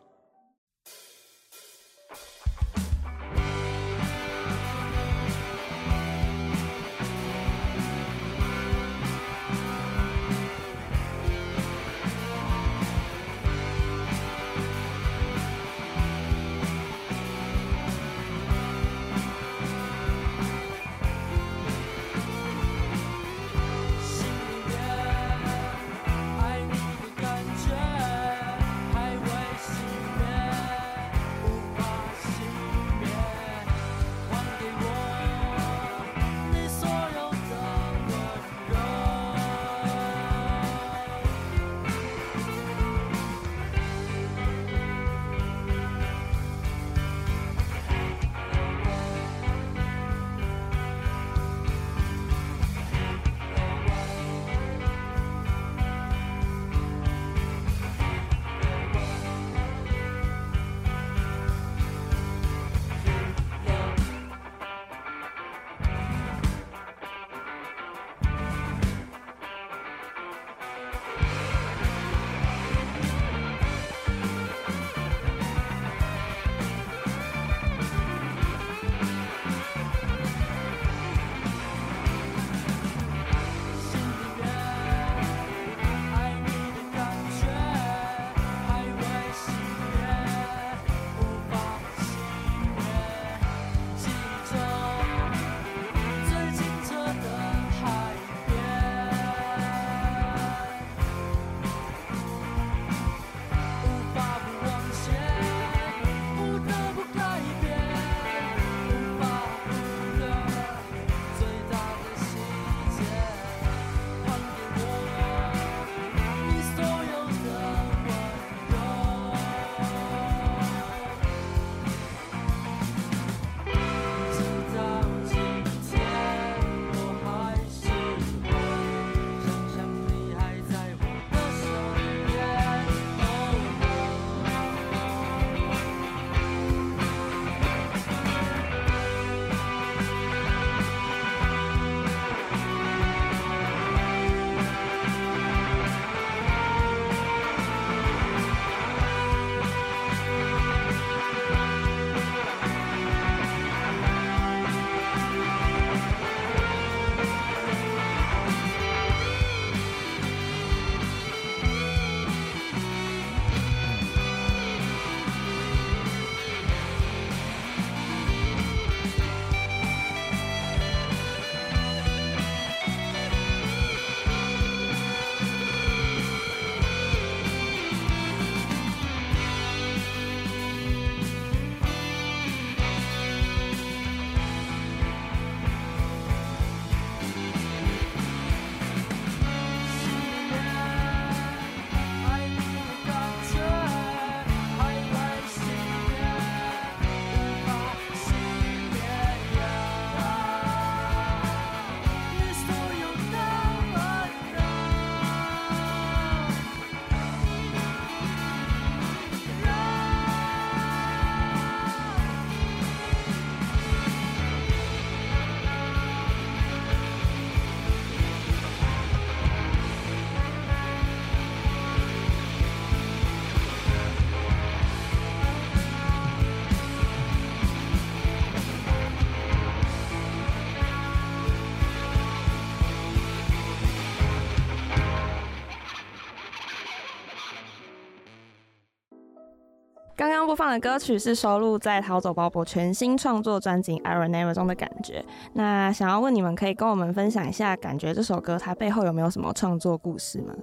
播放的歌曲是收錄在《逃走》包 o 全新創作專輯《I r e n e m b e 中的感覺。那想要問你們，可以跟我們分享一下感覺這首歌它背後有沒有什麼創作故事嗎？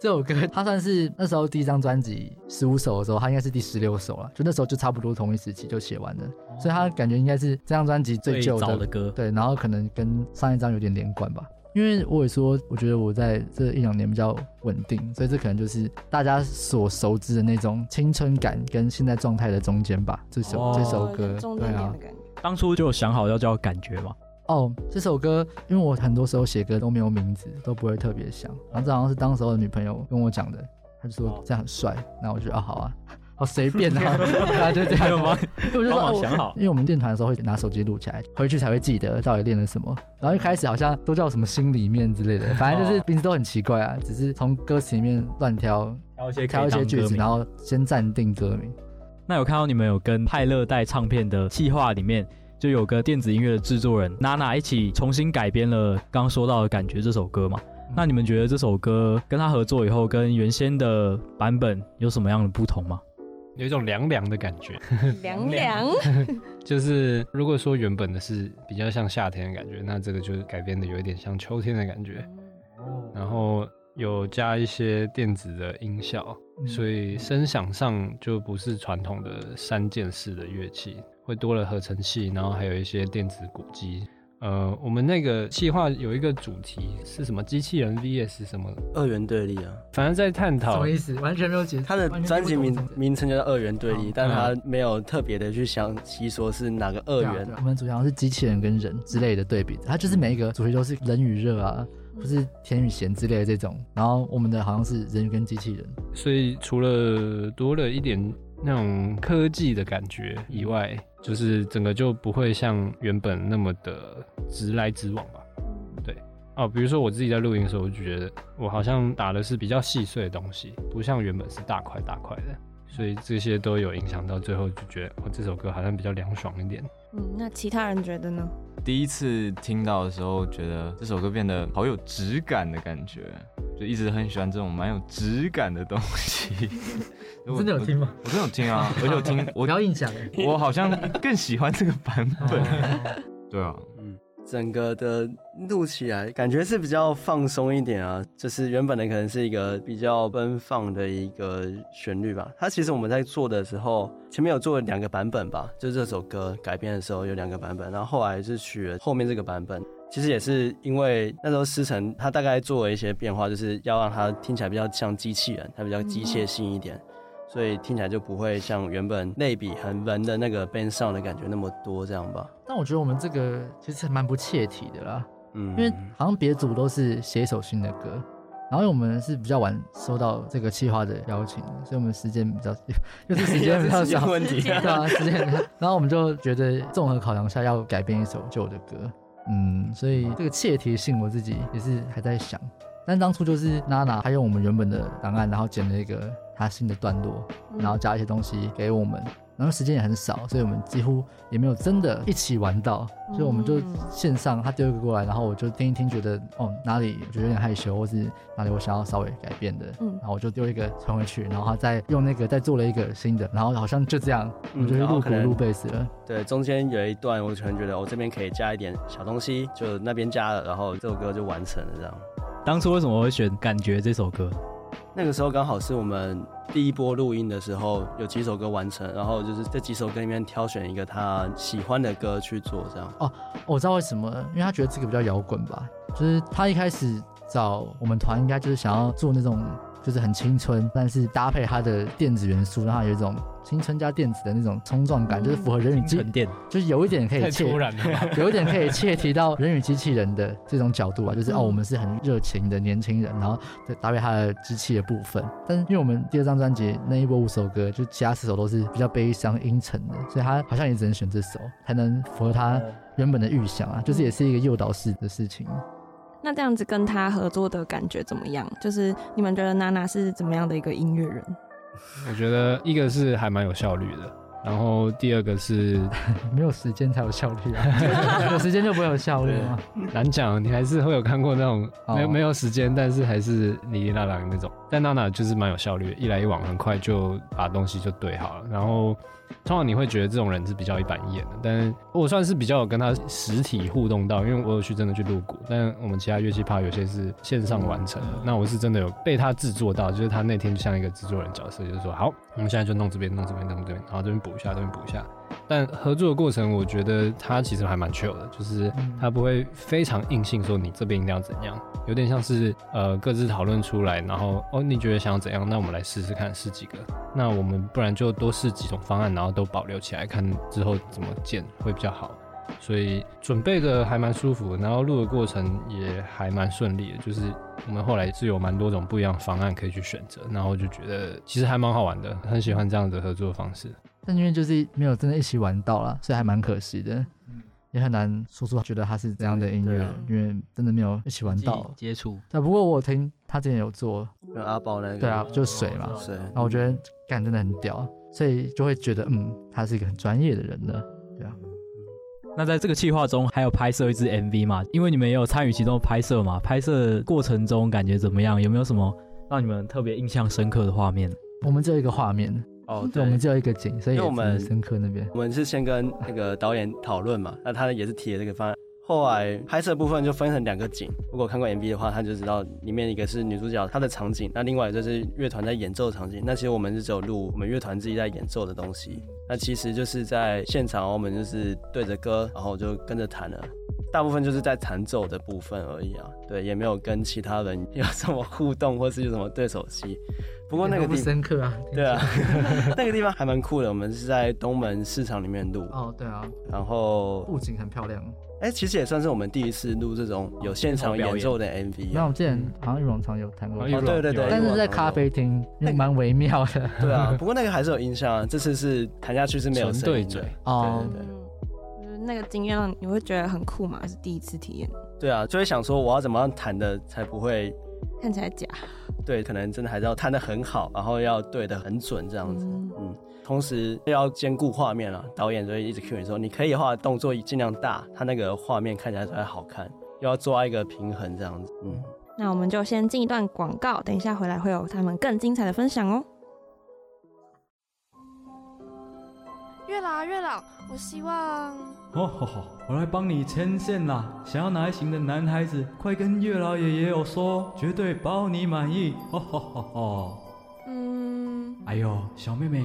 這首歌它算是那時候第一張專輯十五首的時候，它應該是第十六首了。就那時候就差不多同一時期就寫完了，哦、所以它感覺應該是這張專輯最舊的，的歌。對，然後可能跟上一張有點連貫吧。因為我也說，我覺得我在這一兩年比較穩定，所以這可能就是大家所熟知的那種青春感跟現在狀態的中間吧。這首、哦、這首歌，對，對啊，當初就有想好要叫感覺嘛。哦，這首歌，因為我很多時候寫歌都沒有名字，都不會特別想。然後這好像是當時候的女朋友跟我講的，她就說、哦、這樣很帥，然後我覺得啊，好啊。好、哦、隨便啊，對啊， 就這樣有嗎？我就想好我，因為我們練團的時候會拿手機錄起來，回去才會記得到底練了什麼。然後一開始好像都叫什麼心裡面之類的，反正就是名字都很奇怪啊。 只是從歌詞裡面亂挑，挑一些，挑一些句子，然後先暫定歌名。那有看到你們有跟派樂帶唱片的計劃裡面，就有個電子音樂的制作人娜娜一起重新改編了剛剛說到的感覺這首歌嘛？嗯、那你們覺得這首歌跟他合作以後，跟原先的版本有什麼樣的不同嗎？有一種涼涼的感覺，涼涼，涼涼。就是如果說原本的是比較像夏天的感覺，那這個就改變的有一點像秋天的感覺。然後有加一些電子的音效，所以聲響上就不是傳統的三件式的樂器，會多了合成器，然後還有一些電子鼓機。呃，我們那個計劃有一個主題是什麼？機器人 VS 是什麼二元對立啊？反正在探討什麼意思？完全沒有解釋。它的專輯名名稱叫二元對立，哦、但它沒有特別的去詳細說是哪個二元。啊啊啊、我們主要像是機器人跟人之類的對比，它就是每一個主題都是人與熱啊，不是甜與鹹之類的這種。然後我們的好像是人跟機器人。所以除了多了一點。那種科技的感覺以外，就是整個就不會像原本那麼的直來直往吧，對，哦，比如說我自己在錄音的時候，我就覺得我好像打的是比較細碎的東西，不像原本是大塊大塊的。所以這些都有影響到最後，就覺得我、哦、這首歌好像比較涼爽一點。嗯，那其他人覺得呢？第一次聽到的時候，覺得這首歌變得好有質感的感覺，就一直很喜歡這種蠻有質感的東西。 真的有聽嗎我？我真的有聽啊，而且我聽，我 印象。我好像更喜歡這個版本。 對啊。整個的錄起來感覺是比較放鬆一點啊，就是原本的可能是一個比較奔放的一個旋律吧。它其實我們在做的時候，前面有做了兩個版本吧，就這首歌改編的時候有兩個版本，然後後來是取了後面這個版本。其實也是因為那時候思岑他大概做了一些變化，就是要讓它聽起來比較像機器人，它比較機械性一點。嗯所以聽起來就不會像原本類比很人的那個邊上的感覺那麼多這樣吧？但我覺得我們這個其實蠻不切題的啦，嗯，因為好像別的組都是寫一首新的歌，然後我們是比較晚收到這個企劃的邀請，所以我們時間比較就 是時間比較少， 時間問題啊 對啊，時間， 然後我們就覺得綜合考量下要改編一首舊的歌，嗯，所以這個切題性我自己也是還在想。但當初就是娜娜，她用我們原本的檔案，然後剪了一個她新的段落，然後加一些東西給我們，然後時間也很少，所以我們幾乎也沒有真的一起玩到，所以我們就線上，她丟一個過來，然後我就聽一聽，覺得哦、嗯、哪裡我覺得有點害羞，或是哪裡我想要稍微改變的，嗯，然後我就丟一個傳回去，然後她再用那個再做了一個新的，然後好像就這樣，我們錄錄錄錄嗯，就錄鼓錄貝斯了、嗯，對，中間有一段我完全覺得我、哦、這邊可以加一點小東西，就那邊加了，然後這首歌就完成了這樣。當初為什麼會選《感覺》這首歌？那個時候剛好是我們第一波錄音的時候，有幾首歌完成，然後就是這幾首歌裡面挑選一個他喜歡的歌去做這樣。哦，我知道為什麼，因為他覺得這個比較搖滾吧，就是他一開始找我們團，應該就是想要做那種。就是很青春，但是搭配它的電子元素，讓它有一種青春加電子的那種衝撞感，嗯，就是符合人與機，就是有一點可以切 有一點可以切提到人與機器人的這種角度啊。就是、嗯、哦，我們是很熱情的年輕人，然後再搭配它的機器的部分。但是因為我們第二張專輯那一波五首歌，就其他四首都是比較悲傷陰沉的，所以他好像也只能選這首，才能符合他原本的預想啊，就是也是一個誘導式的事情。那這樣子跟他合作的感覺怎麼樣？就是你們覺得娜娜是怎麼樣的一個音樂人？我覺得一個是還蠻有效率的，然後第二個是 沒有時間才有效率啊 對，有 時間就不會有效率嗎、啊？難講，你還是會有看過那種沒有沒有時間，oh. 但是還是哩哩啦啦的那種。但娜娜就是蠻有效率的，一來一往很快就把東西就對好了。然後通常你會覺得這種人是比較一板一眼的，但是我算是比較有跟他實體互動到，因為我有去真的去錄鼓。但我們其他樂器趴有些是線上完成，那我是真的有被他製作到，就是他那天就像一個製作人角色，就是說好，我們現在就弄這邊，弄這邊，弄這邊，然後這邊補一下，這邊補一下。但合作的過程，我覺得它其實還蠻 chill 的，就是它不會非常硬性說你這邊一定要怎樣，有點像是呃各自討論出來，然後哦你覺得想要怎樣，那我們來試試看試幾個，那我們不然就多試幾種方案，然後都保留起來看之後怎麼建會比較好。所以準備的還蠻舒服，然後錄的過程也還蠻順利的，就是我們後來是有蠻多種不一樣的方案可以去選擇，然後就覺得其實還蠻好玩的，很喜歡這樣的合作方式。但因為就是沒有真的一起玩到了，所以還蠻可惜的，嗯，也很難說出覺得他是怎樣的音樂，啊，因為真的沒有一起玩到接觸。但不過我聽他之前有做阿寶那個，對啊，就是水嘛，哦、水。那我覺得幹真的很屌，所以就會覺得嗯，他是一個很專業的人的。對啊。那在這個企劃中還有拍攝一支 MV 嘛？因為你們也有參與其中拍攝嘛？拍攝過程中感覺怎麼樣？有沒有什麼讓你們特別印象深刻的畫面？我們這一個畫面。哦對，對，我們就有一個景，所以我們很深刻那邊。我們是先跟那個導演討論嘛，那他也是提了這個方案。後來拍攝的部分就分成兩個景，如果看過 MV 的話，他就知道裡面一個是女主角她的場景，那另外就是樂團在演奏場景。那其實我們是只有錄我們樂團自己在演奏的東西。那其實就是在現場，我們就是對着歌，然後就跟着彈了，大部分就是在彈奏的部分而已啊。對，也沒有跟其他人有什麼互動，或是有什麼對手戲，不過那個地方深刻啊，對啊， 那個地方還蠻酷的。我們是在東門市場裡面錄哦，對啊，然後布景很漂亮。哎、欸，其實也算是我們第一次錄這種有現場演奏的 MV、啊。那我之前好像有往常有彈過、哦啊，對對對，但是在咖啡廳，蠻微妙的、欸。對啊，不過那個還是有印象啊、嗯。這次是彈下去是沒有聲音對對，對對對，嗯、那個經驗你會覺得很酷嗎？還是第一次體驗。對啊，就會想說我要怎麼樣彈的才不會看起來假？對，可能真的還是要彈得很好，然後要對得很準，這樣子，嗯。嗯同時又要兼顧畫面了，導演就會一直 cue 你說，你可以畫的動作盡量大，他那個畫面看起來才好看，又要抓一個平衡這樣子。嗯，那我們就先進一段廣告，等一下回來會有他們更精彩的分享哦、喔。月老，月老，我希望，哦哦、我來幫你牽線啦！想要哪一型的男孩子，快跟月老爺爺有說、嗯，絕對包你滿意、哦哦哦哦。嗯，哎呦，小妹妹。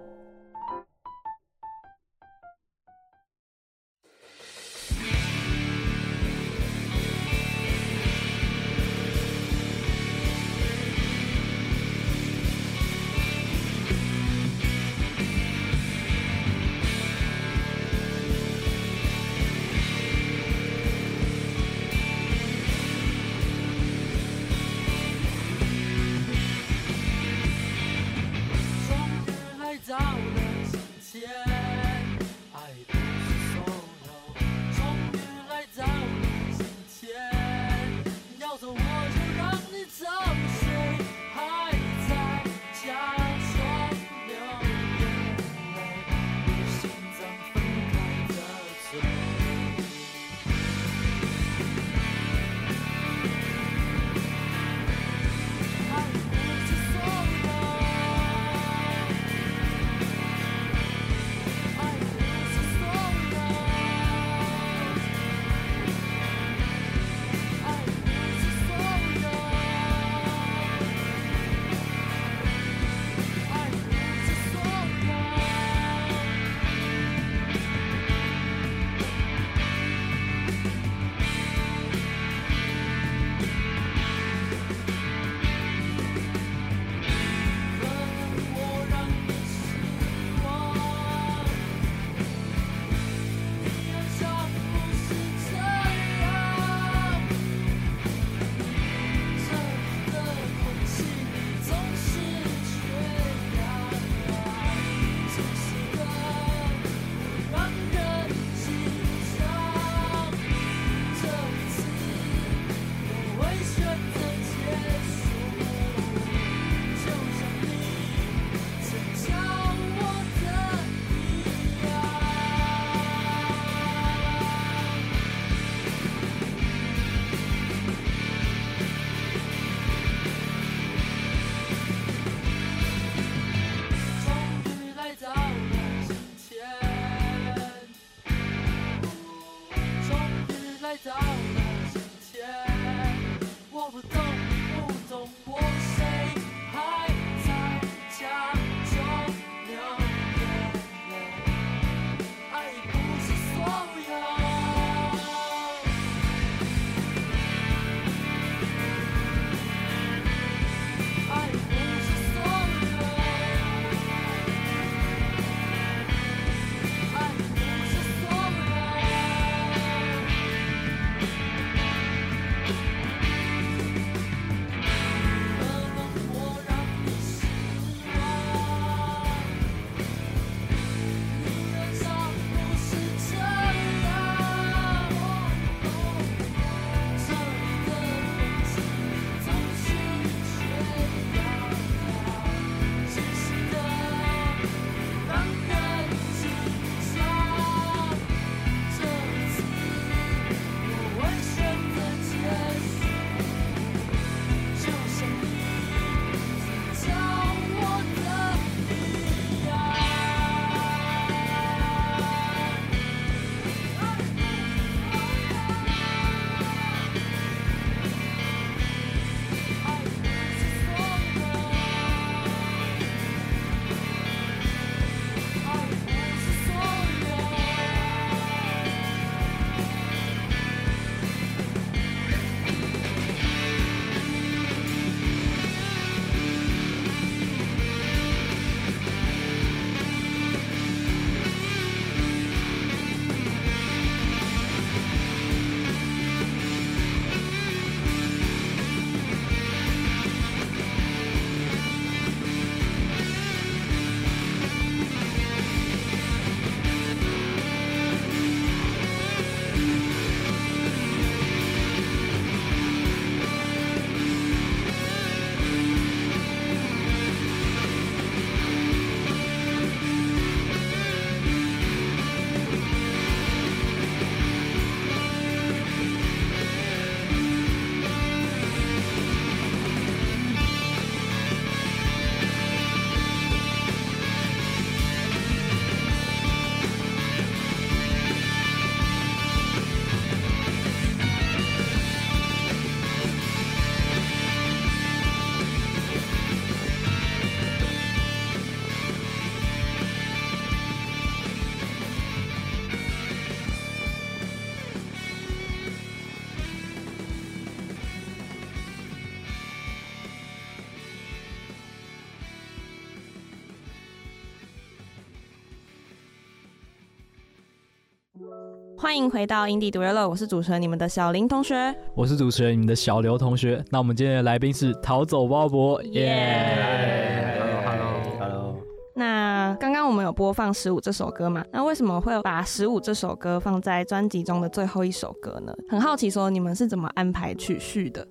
歡迎回到《Indie 獨樂樂》，我是主持人你們的小林同學，我是主持人你們的小劉同學。那我們今天的來賓是逃走鮑伯耶！Hello，Hello，Hello。Yeah! Hello, hello, hello. 那剛剛我們有播放《十五》這首歌嘛？那為什麼會有把《十五》這首歌放在專輯中的最後一首歌呢？很好奇，說你們是怎麼安排曲序的？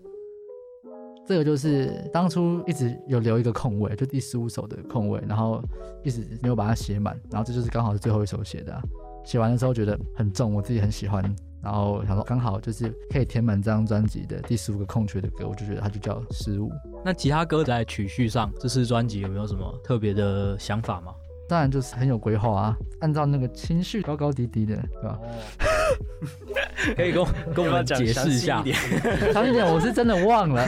這個就是當初一直有留一個空位，就第十五首的空位，然後一直沒有把它寫滿，然後這就是剛好是最後一首寫的啊。寫完的時候覺得很重，我自己很喜歡，然後想說剛好就是可以填滿這張專輯的第十五個空缺的歌，我就覺得它就叫十五。那其他歌在曲序上，這次專輯有沒有什麼特別的想法嗎？當然就是很有規劃啊，按照那個情緒高高低低的，對吧？哦、 可以跟我跟我解釋一下 一點，詳細點，我是真的忘了。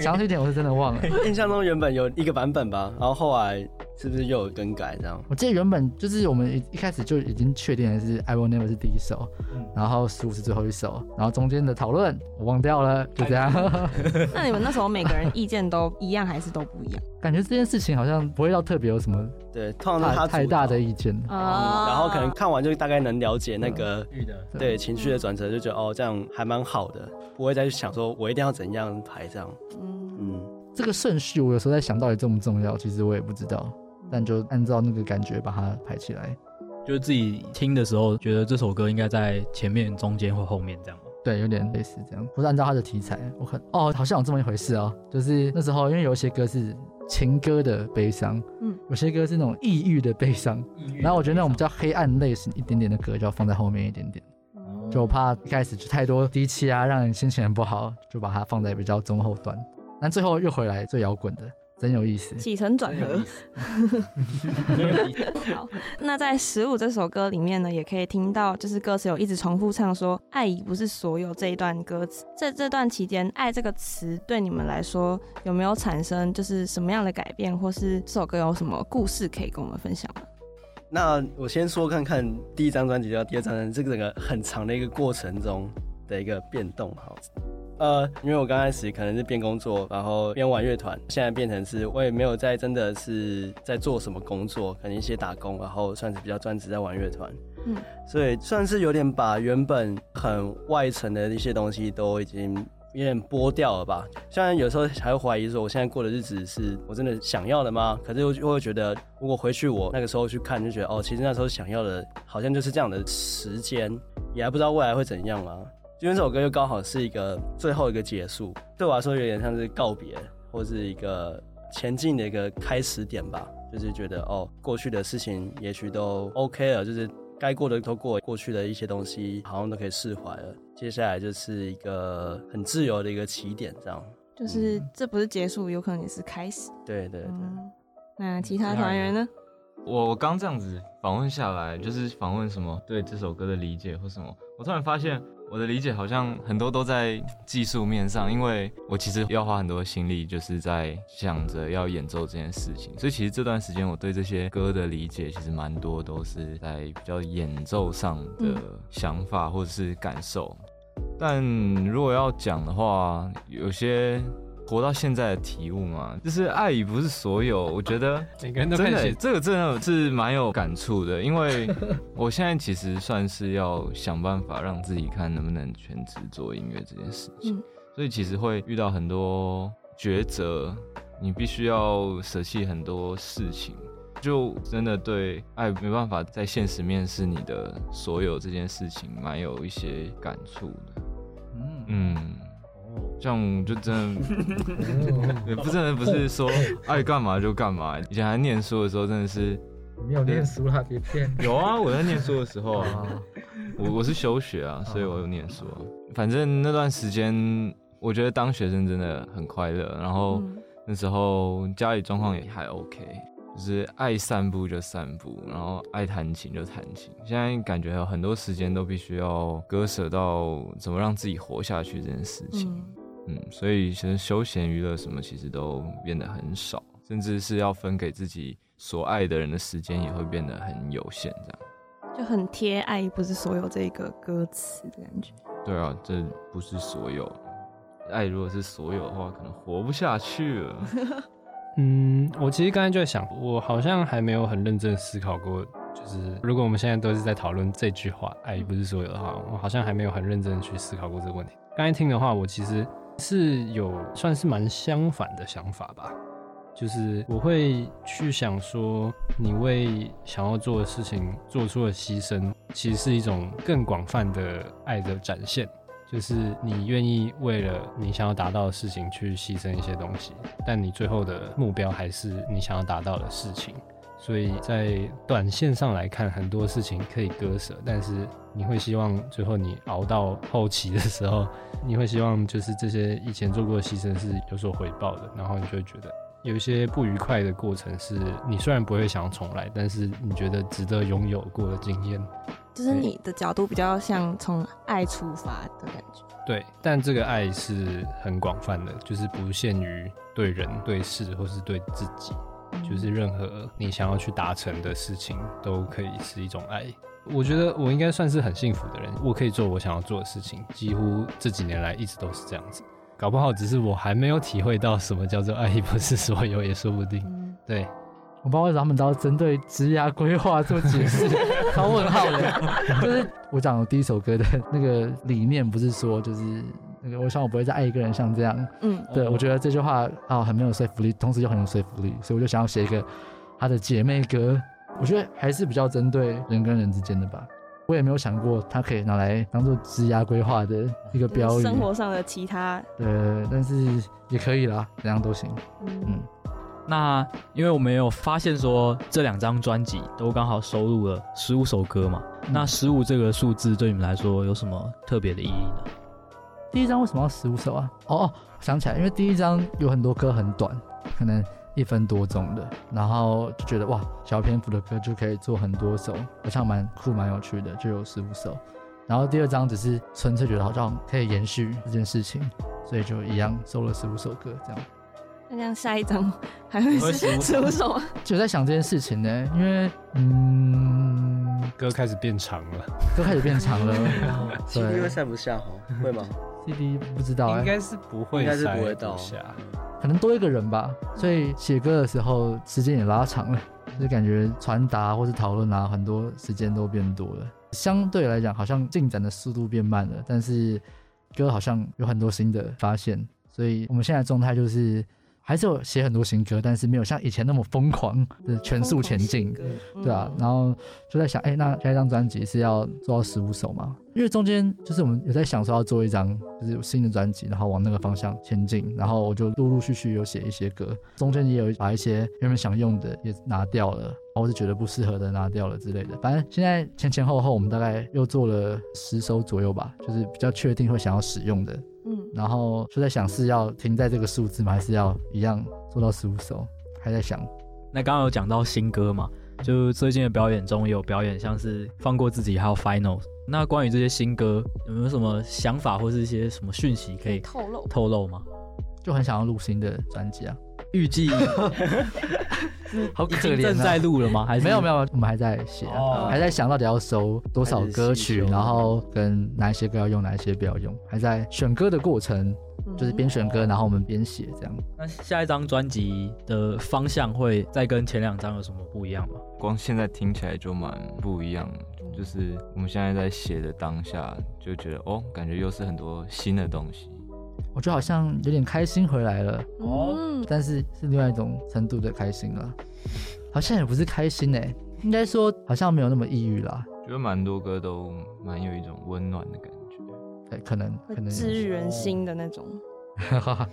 詳 細、Okay. 點，我是真的忘了。Okay. 印象中原本有一個版本吧，然後後來。是不是又有更改這樣？我記得原本就是我們一一開始就已經確定的是 I Will Never 是第一首，嗯、然後十五是最後一首，然後中間的討論我忘掉了，嗯、就這樣。 那你們那時候每個人意見都一樣還是都不一樣？ 感覺這件事情好像不會到特別有什麼對通常他太，太大的意見、uh, 嗯、然後可能看完就大概能了解那個、嗯、對，對情緒的轉折，就覺得、嗯、哦這樣還蠻好的，不會再去想說我一定要怎樣排這樣。嗯嗯，這個順序我有時候在想到底重不重要，其實我也不知道。但就按照那個感覺把它排起來，就是自己聽的時候覺得這首歌應該在前面、中間或後面這樣嗎？對，有點類似這樣。不是按照它的題材，我看哦，好像有這麼一回事哦。就是那時候因為有些歌是情歌的悲傷，嗯，有些歌是那種抑鬱的悲傷，然後我覺得那種比較黑暗類型一點點的歌就要放在後面一點點，就怕一開始就太多低氣壓，讓人心情很不好，就把它放在比較中後端。但最後又回來最搖滾的。真有意思，起承轉合。真有意思 好，那在《十五》這首歌裡面呢，也可以聽到，就是歌詞有一直重複唱說“愛已不是所有”這一段歌詞。在這段期間，“愛”這個詞對你們來說有沒有產生就是什麼樣的改變，或是這首歌有什麼故事可以跟我們分享嗎？那我先說看看第一張專輯到第二張專輯這整個很長的一個過程中的一個變動哈。呃，因為我剛開始可能是邊工作，然後邊玩樂團，現在變成是，我也沒有在真的是在做什麼工作，可能一些打工，然後算是比較專職在玩樂團。嗯，所以算是有點把原本很外層的一些東西都已經有點剝掉了吧。雖然有時候還會懷疑說，我現在過的日子是我真的想要的嗎？可是我就會覺得，如果回去我那個時候去看，就覺得哦，其實那時候想要的，好像就是這樣的時間，也還不知道未來會怎樣啊。今天這首歌又剛好是一個最後一個結束，對我來說有點像是告別，或是一個前進的一個開始點吧。就是覺得哦、喔，過去的事情也許都 OK 了，就是該過的都過，過去的一些東西好像都可以釋懷了。接下來就是一個很自由的一個起點，這樣、嗯。就是這不是結束，有可能也是開始。對對對，對、嗯。那其他團員呢？我我剛這樣子訪問下來，就是訪問什麼對這首歌的理解或什麼，我突然發現。我的理解好像很多都在技術面上，因為我其實要花很多心力，就是在想着要演奏這件事情，所以其實這段時間我對這些歌的理解，其實蠻多都是在比較演奏上的想法或者是感受，嗯、但如果要講的話，有些。活到現在的體悟嘛，就是愛已不是所有。我覺得真的，這個真的是蠻有感觸的。因為我現在其實算是要想辦法讓自己看能不能全職做音樂這件事情，所以其實會遇到很多抉擇，你必須要捨棄很多事情。就真的對愛沒辦法在現實面是你的所有這件事情，蠻有一些感觸的。嗯嗯。這樣就真的， 也不真的不是說愛幹嘛，就幹嘛，欸。以前還念書的時候，真的是你沒有念書啦，別騙。有啊，我在念書的時候啊，我我是休學啊，所以我有念書，啊。反正那段時間，我覺得當學生真的很快樂。然後那時候家裡狀況也還 OK，就是愛散步就散步，然後愛彈琴就彈琴。現在感覺有很多時間都必須要割捨到怎麼讓自己活下去這件事情。嗯，所以其實休閒娛樂什麼，其實都變得很少，甚至是要分給自己所愛的人的時間，也會變得很有限，這樣就很貼“愛不是所有”這個歌詞的感覺。對啊，這不是所有愛，如果是所有的話，可能活不下去了。 嗯，我其實剛才就在想，我好像還沒有很認真思考過，就是如果我們現在都是在討論這句話“愛不是所有”的話，我好像還沒有很認真去思考過這個問題。剛才聽的話，我其實。是有算是蠻相反的想法吧，就是我會去想說，你為想要做的事情做出了犧牲，其實是一種更廣泛的愛的展現，就是你願意為了你想要達到的事情去犧牲一些東西，但你最後的目標還是你想要達到的事情。所以在短線上來看，很多事情可以割舍，但是你會希望最後你熬到後期的時候，你會希望就是這些以前做過的犧牲是有所回報的，然後你就會覺得有一些不愉快的過程是你雖然不會想要重來，但是你覺得值得擁有過的經驗，就是你的角度比較像從愛出發的感覺。對，對，但這個愛是很廣泛的，就是不限於對人、對事或是對自己。就是任何你想要去達成的事情，都可以是一種愛。我覺得我應該算是很幸福的人，我可以做我想要做的事情，幾乎這幾年來一直都是這樣子。搞不好只是我還沒有體會到什麼叫做愛，不是所有也說不定、嗯。對，我不知道為什麼他們都要針對職業規劃做解釋，超問號的。就是我講的第一首歌的那個理念，不是說就是。我想我不會再愛一個人像這樣，嗯，對，嗯，我覺得這句話啊很沒有說服力，同時又很有說服力，所以我就想要寫一個他的姐妹歌。我覺得還是比較針對人跟人之間的吧。我也沒有想過他可以拿來當做職業規劃的一個標語，嗯，生活上的其他對，但是也可以啦，怎樣都行。嗯，嗯，那因為我們有發現說這兩張專輯都剛好收錄了十五首歌嘛，那十五這個數字對你們來說有什麼特別的意義呢？第一張為什麼要十五首啊？哦哦，想起來，因為第一張有很多歌很短，可能一分多鐘的，然後就覺得哇，小篇幅的歌就可以做很多首，好像蠻酷蠻有趣的，就有十五首。然後第二張只是純粹覺得好像可以延續這件事情，所以就一樣收了十五首歌這樣。那這樣下一張還會是,是,是什麼？就在想這件事情呢、欸，因為嗯，歌開始變長了，歌開始變長了。 CD 會塞不下哦， 會嗎？CD 不知道、欸，應該是不會塞不，應該是不會到下、嗯，可能多一個人吧。所以寫歌的時候時間也拉長了，就感覺傳達或是討論啊，很多時間都變多了。相對來講，好像進展的速度變慢了，但是歌好像有很多新的發現，所以我們現在的狀態就是。還是有寫很多新歌，但是沒有像以前那麼瘋狂的全速前進，對啊，然後就在想，哎、欸，那下一張專輯是要做到十五首嗎？因為中間就是我們有在想說要做一張就是新的專輯，然後往那個方向前進。然後我就陸陸續續有寫一些歌，中間也有把一些原本想用的也拿掉了，或是覺得不適合的拿掉了之類的。反正現在前前後後我們大概又做了十首左右吧，就是比較確定會想要使用的。嗯，然後就在想，是要停在這個數字嗎？還是要一樣做到十五首？還在想。那剛剛有講到新歌嘛，就最近的表演中有表演像是放過自己，還有 finals。那關於這些新歌，有沒有什麼想法或是一些什麼訊息可以，可以透露？透露嗎？就很想要錄新的專輯啊。預計 好可憐啊！正在錄了嗎？還是？沒有沒有，我們還在寫、啊，還在想到底要收多少歌曲，然後跟哪些歌要用，哪些不要用，還在選歌的過程，就是邊選歌，然後我們邊寫這樣。那下一張專輯的方向會再跟前兩張有什麼不一樣嗎？光現在聽起來就蠻不一樣，就是我們現在在寫的當下就覺得哦，感覺又是很多新的東西。我覺得好像有點開心回來了，嗯，但是是另外一種程度的開心了，好像也不是開心哎、欸，應該說好像沒有那麼抑鬱啦。覺得蠻多歌都蠻有一種溫暖的感覺，對，可能可能治癒人心的那種，哈哈，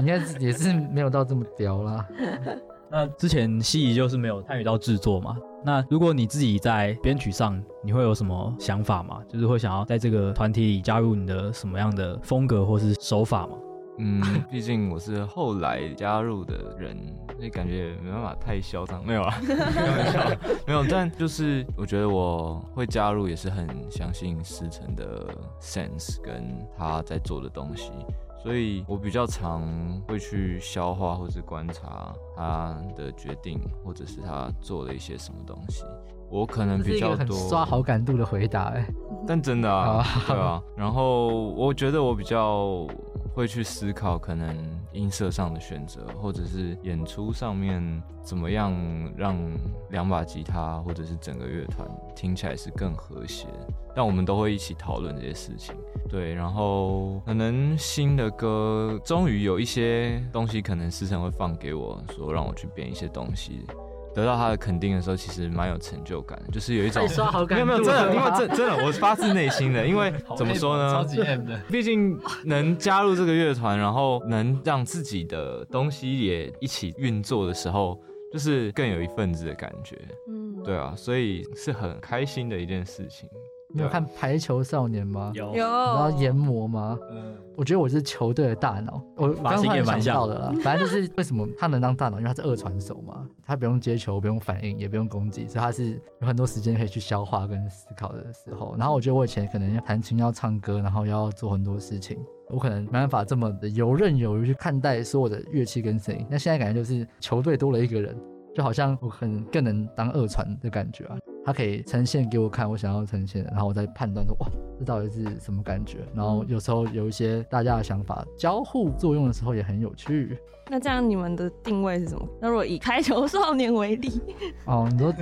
應該也是沒有到這麼屌啦。 那之前希夷就是沒有參與到製作嘛？那如果你自己在編曲上，你會有什麼想法嗎？就是會想要在這個團體裡加入你的什麼樣的風格或是手法嗎？嗯，畢竟我是後來加入的人，所以感覺沒辦法太囂張，沒有啊， 沒有笑，沒有。但就是我覺得我會加入，也是很相信思岑的 sense 跟他在做的東西。所以我比較常會去消化，或是觀察他的決定，或者是他做了一些什麼東西。我可能比較多刷好感度的回答，誒，但真的啊，對啊。然後我覺得我比較。會去思考可能音色上的選擇，或者是演出上面怎麼樣讓兩把吉他或者是整個樂團聽起來是更和諧。但我們都會一起討論這些事情，對。然後可能新的歌，終於有一些東西，可能思岑會放給我說，所以讓我去編一些東西。得到他的肯定的時候，其實蠻有成就感，就是有一種沒有沒有真的，因為真真的，我是發自內心的。因為怎麼說呢？超級 M 的，畢竟能加入這個樂團，然後能讓自己的東西也一起運作的時候，就是更有一份子的感覺。嗯，對啊，所以是很開心的一件事情。你有看排球少年嗎？嗎有。然後研磨嗎？我覺得我是球隊的大腦。嗯、我剛突然想到的啦，反正就是為什麼他能當大腦， 因為他是二傳手嘛，他不用接球，不用反應，也不用攻擊，所以他是有很多時間可以去消化跟思考的時候。然後我覺得我以前可能要彈琴、要唱歌，然後要做很多事情，我可能沒辦法這麼的游刃有餘去看待所有的樂器跟聲音。那現在感覺就是球隊多了一個人，就好像我可能更能當二傳的感覺啊。他可以呈現給我看，我想要呈現，然後我再判斷說，哇，這到底是什麼感覺？然後有時候有一些大家的想法交互作用的時候也很有趣。那這樣你們的定位是什麼？那如果以《開球少年》為例，哦、 oh，你說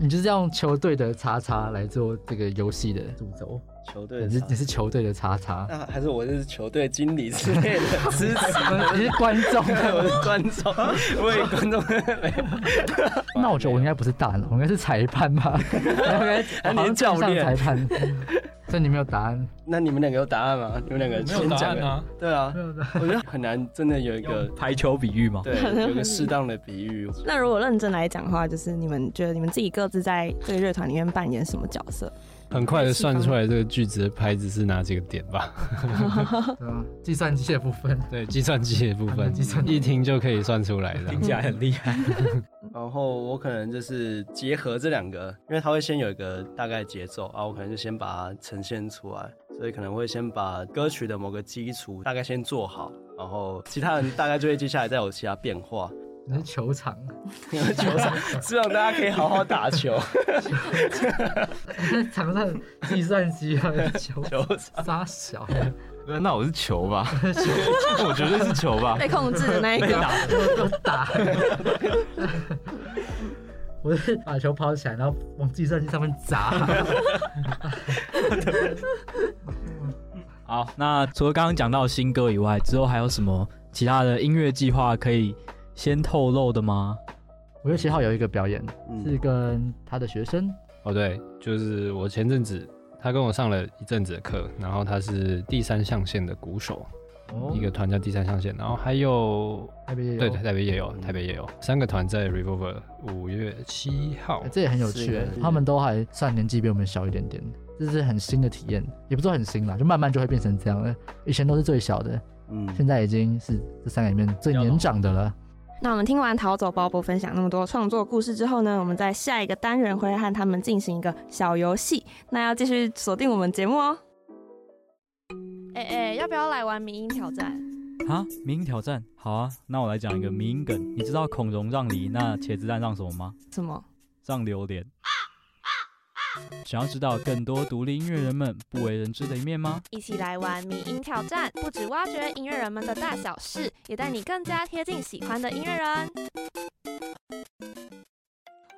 你就是用球隊的叉叉來做這個遊戲的主軸。球隊，你是你是球隊的叉叉，啊、還是我是球隊經理之類的？支持你是觀眾 我是， 我是觀眾， 我是觀眾。沒有，那我覺得我應該不是大佬，我應該是裁判吧？應該還是教練、裁判。這 裡 沒有答案，那你們兩個有答案嗎？你們兩個先講啊？ 對啊，我覺得很難，真的有一個排球比喻嘛 對，有一個適當的比喻。 那如果認真來講的話，就是你們覺得你們自己各自在這個樂團裡面扮演什麼角色？很快的算出來這個句子的拍子是哪幾個點吧。 對啊、計算機的部分。對，計算機的部分計算。一聽就可以算出來了，聽起來很厲害。 然後我可能就是結合這兩個，因為它會先有一個大概節奏啊，然後我可能就先把它呈現出來，所以可能會先把歌曲的某個基礎大概先做好，然後其他人大概就會接下來再有其他變化。你是球場，你是球場，希望大家可以好好打球。 球場， 場上計算機和球殺小，那、嗯、那我是球吧 球場，我覺得是球吧。被控制的那一個，打， 都打 我是把球拋起來，然後往計算機上面砸。 好，那除了剛剛講到的新歌以外，之後還有什麼其他的音樂計劃可以？先透露的嗎？五月七號有一個表演、嗯，是跟他的學生。哦，對，就是我前陣子他跟我上了一陣子的課，然後他是第三象限的鼓手，哦、一個團叫第三象限。然後還有、嗯、台北也有，對,對,對台北也有，嗯、台北也有三個團在 Revolver 五月七號、嗯欸，這也很有趣。他們都還算年紀比我們小一點點，這是很新的體驗，也不是很新啦，就慢慢就會變成這樣了。以前都是最小的，嗯，現在已經是這三個裡面最年長的了。那我們聽完逃走鮑伯分享那麼多創作故事之後呢，我們在下一個單元會和他們進行一個小遊戲。那要繼續鎖定我們節目哦。哎、欸、哎、欸，要不要來玩迷因挑戰？啊，迷因挑戰，好啊。那我來講一個迷因梗，你知道孔融讓梨，那茄子蛋讓什麼嗎？什麼？讓榴蓮。想要知道更多獨立音樂人們不為人知的一面嗎？一起來玩迷音挑戰，不止挖掘音樂人們的大小事，也帶你更加貼近喜歡的音樂人。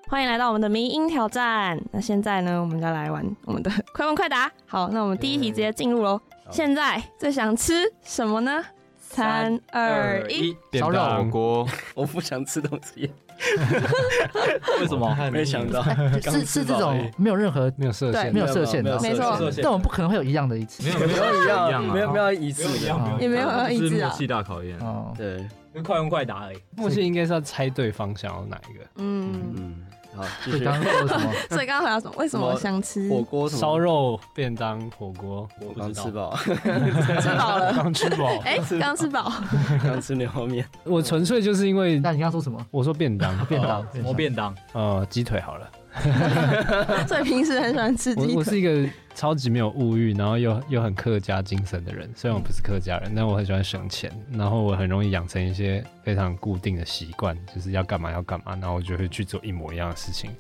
歡迎來到我們的迷音挑戰。那現在呢，我們再來玩我們的快問快答。好，那我們第一題直接進入嘍、嗯。現在最想吃什麼呢？三二一，燒肉火鍋。 我不想吃東西。 為什麼？沒想到 是、哎，是是這種沒有任何沒有設限沒有設限的。沒錯。但我們不可能會有一樣的一次，沒有沒有，一樣， 沒有一樣、啊、沒有一次有一樣、啊一次啊啊，也沒有一次默、啊、契、啊就是、大考驗。對，就快問快答而已。默契，應該是要猜對方想要哪一個。嗯嗯。好，什麼所以剛剛回答什麼？ 剛剛為什麼我想吃火鍋、燒肉便當、火鍋？我剛 吃飽，吃飽了，剛 吃飽，哎、欸，剛吃飽，剛 吃牛肉麵。 我純粹就是因為……那你剛剛說什麼？我說便當， 便當，我便當,便當呃，雞腿好了。 所以平時很喜歡吃雞。 我我是一個超級沒有物欲，然後又又很客家精神的人。雖然我不是客家人，但我很喜歡省錢。然後我很容易養成一些非常固定的習慣，就是要幹嘛要幹嘛，然後我就會去做一模一樣的事情。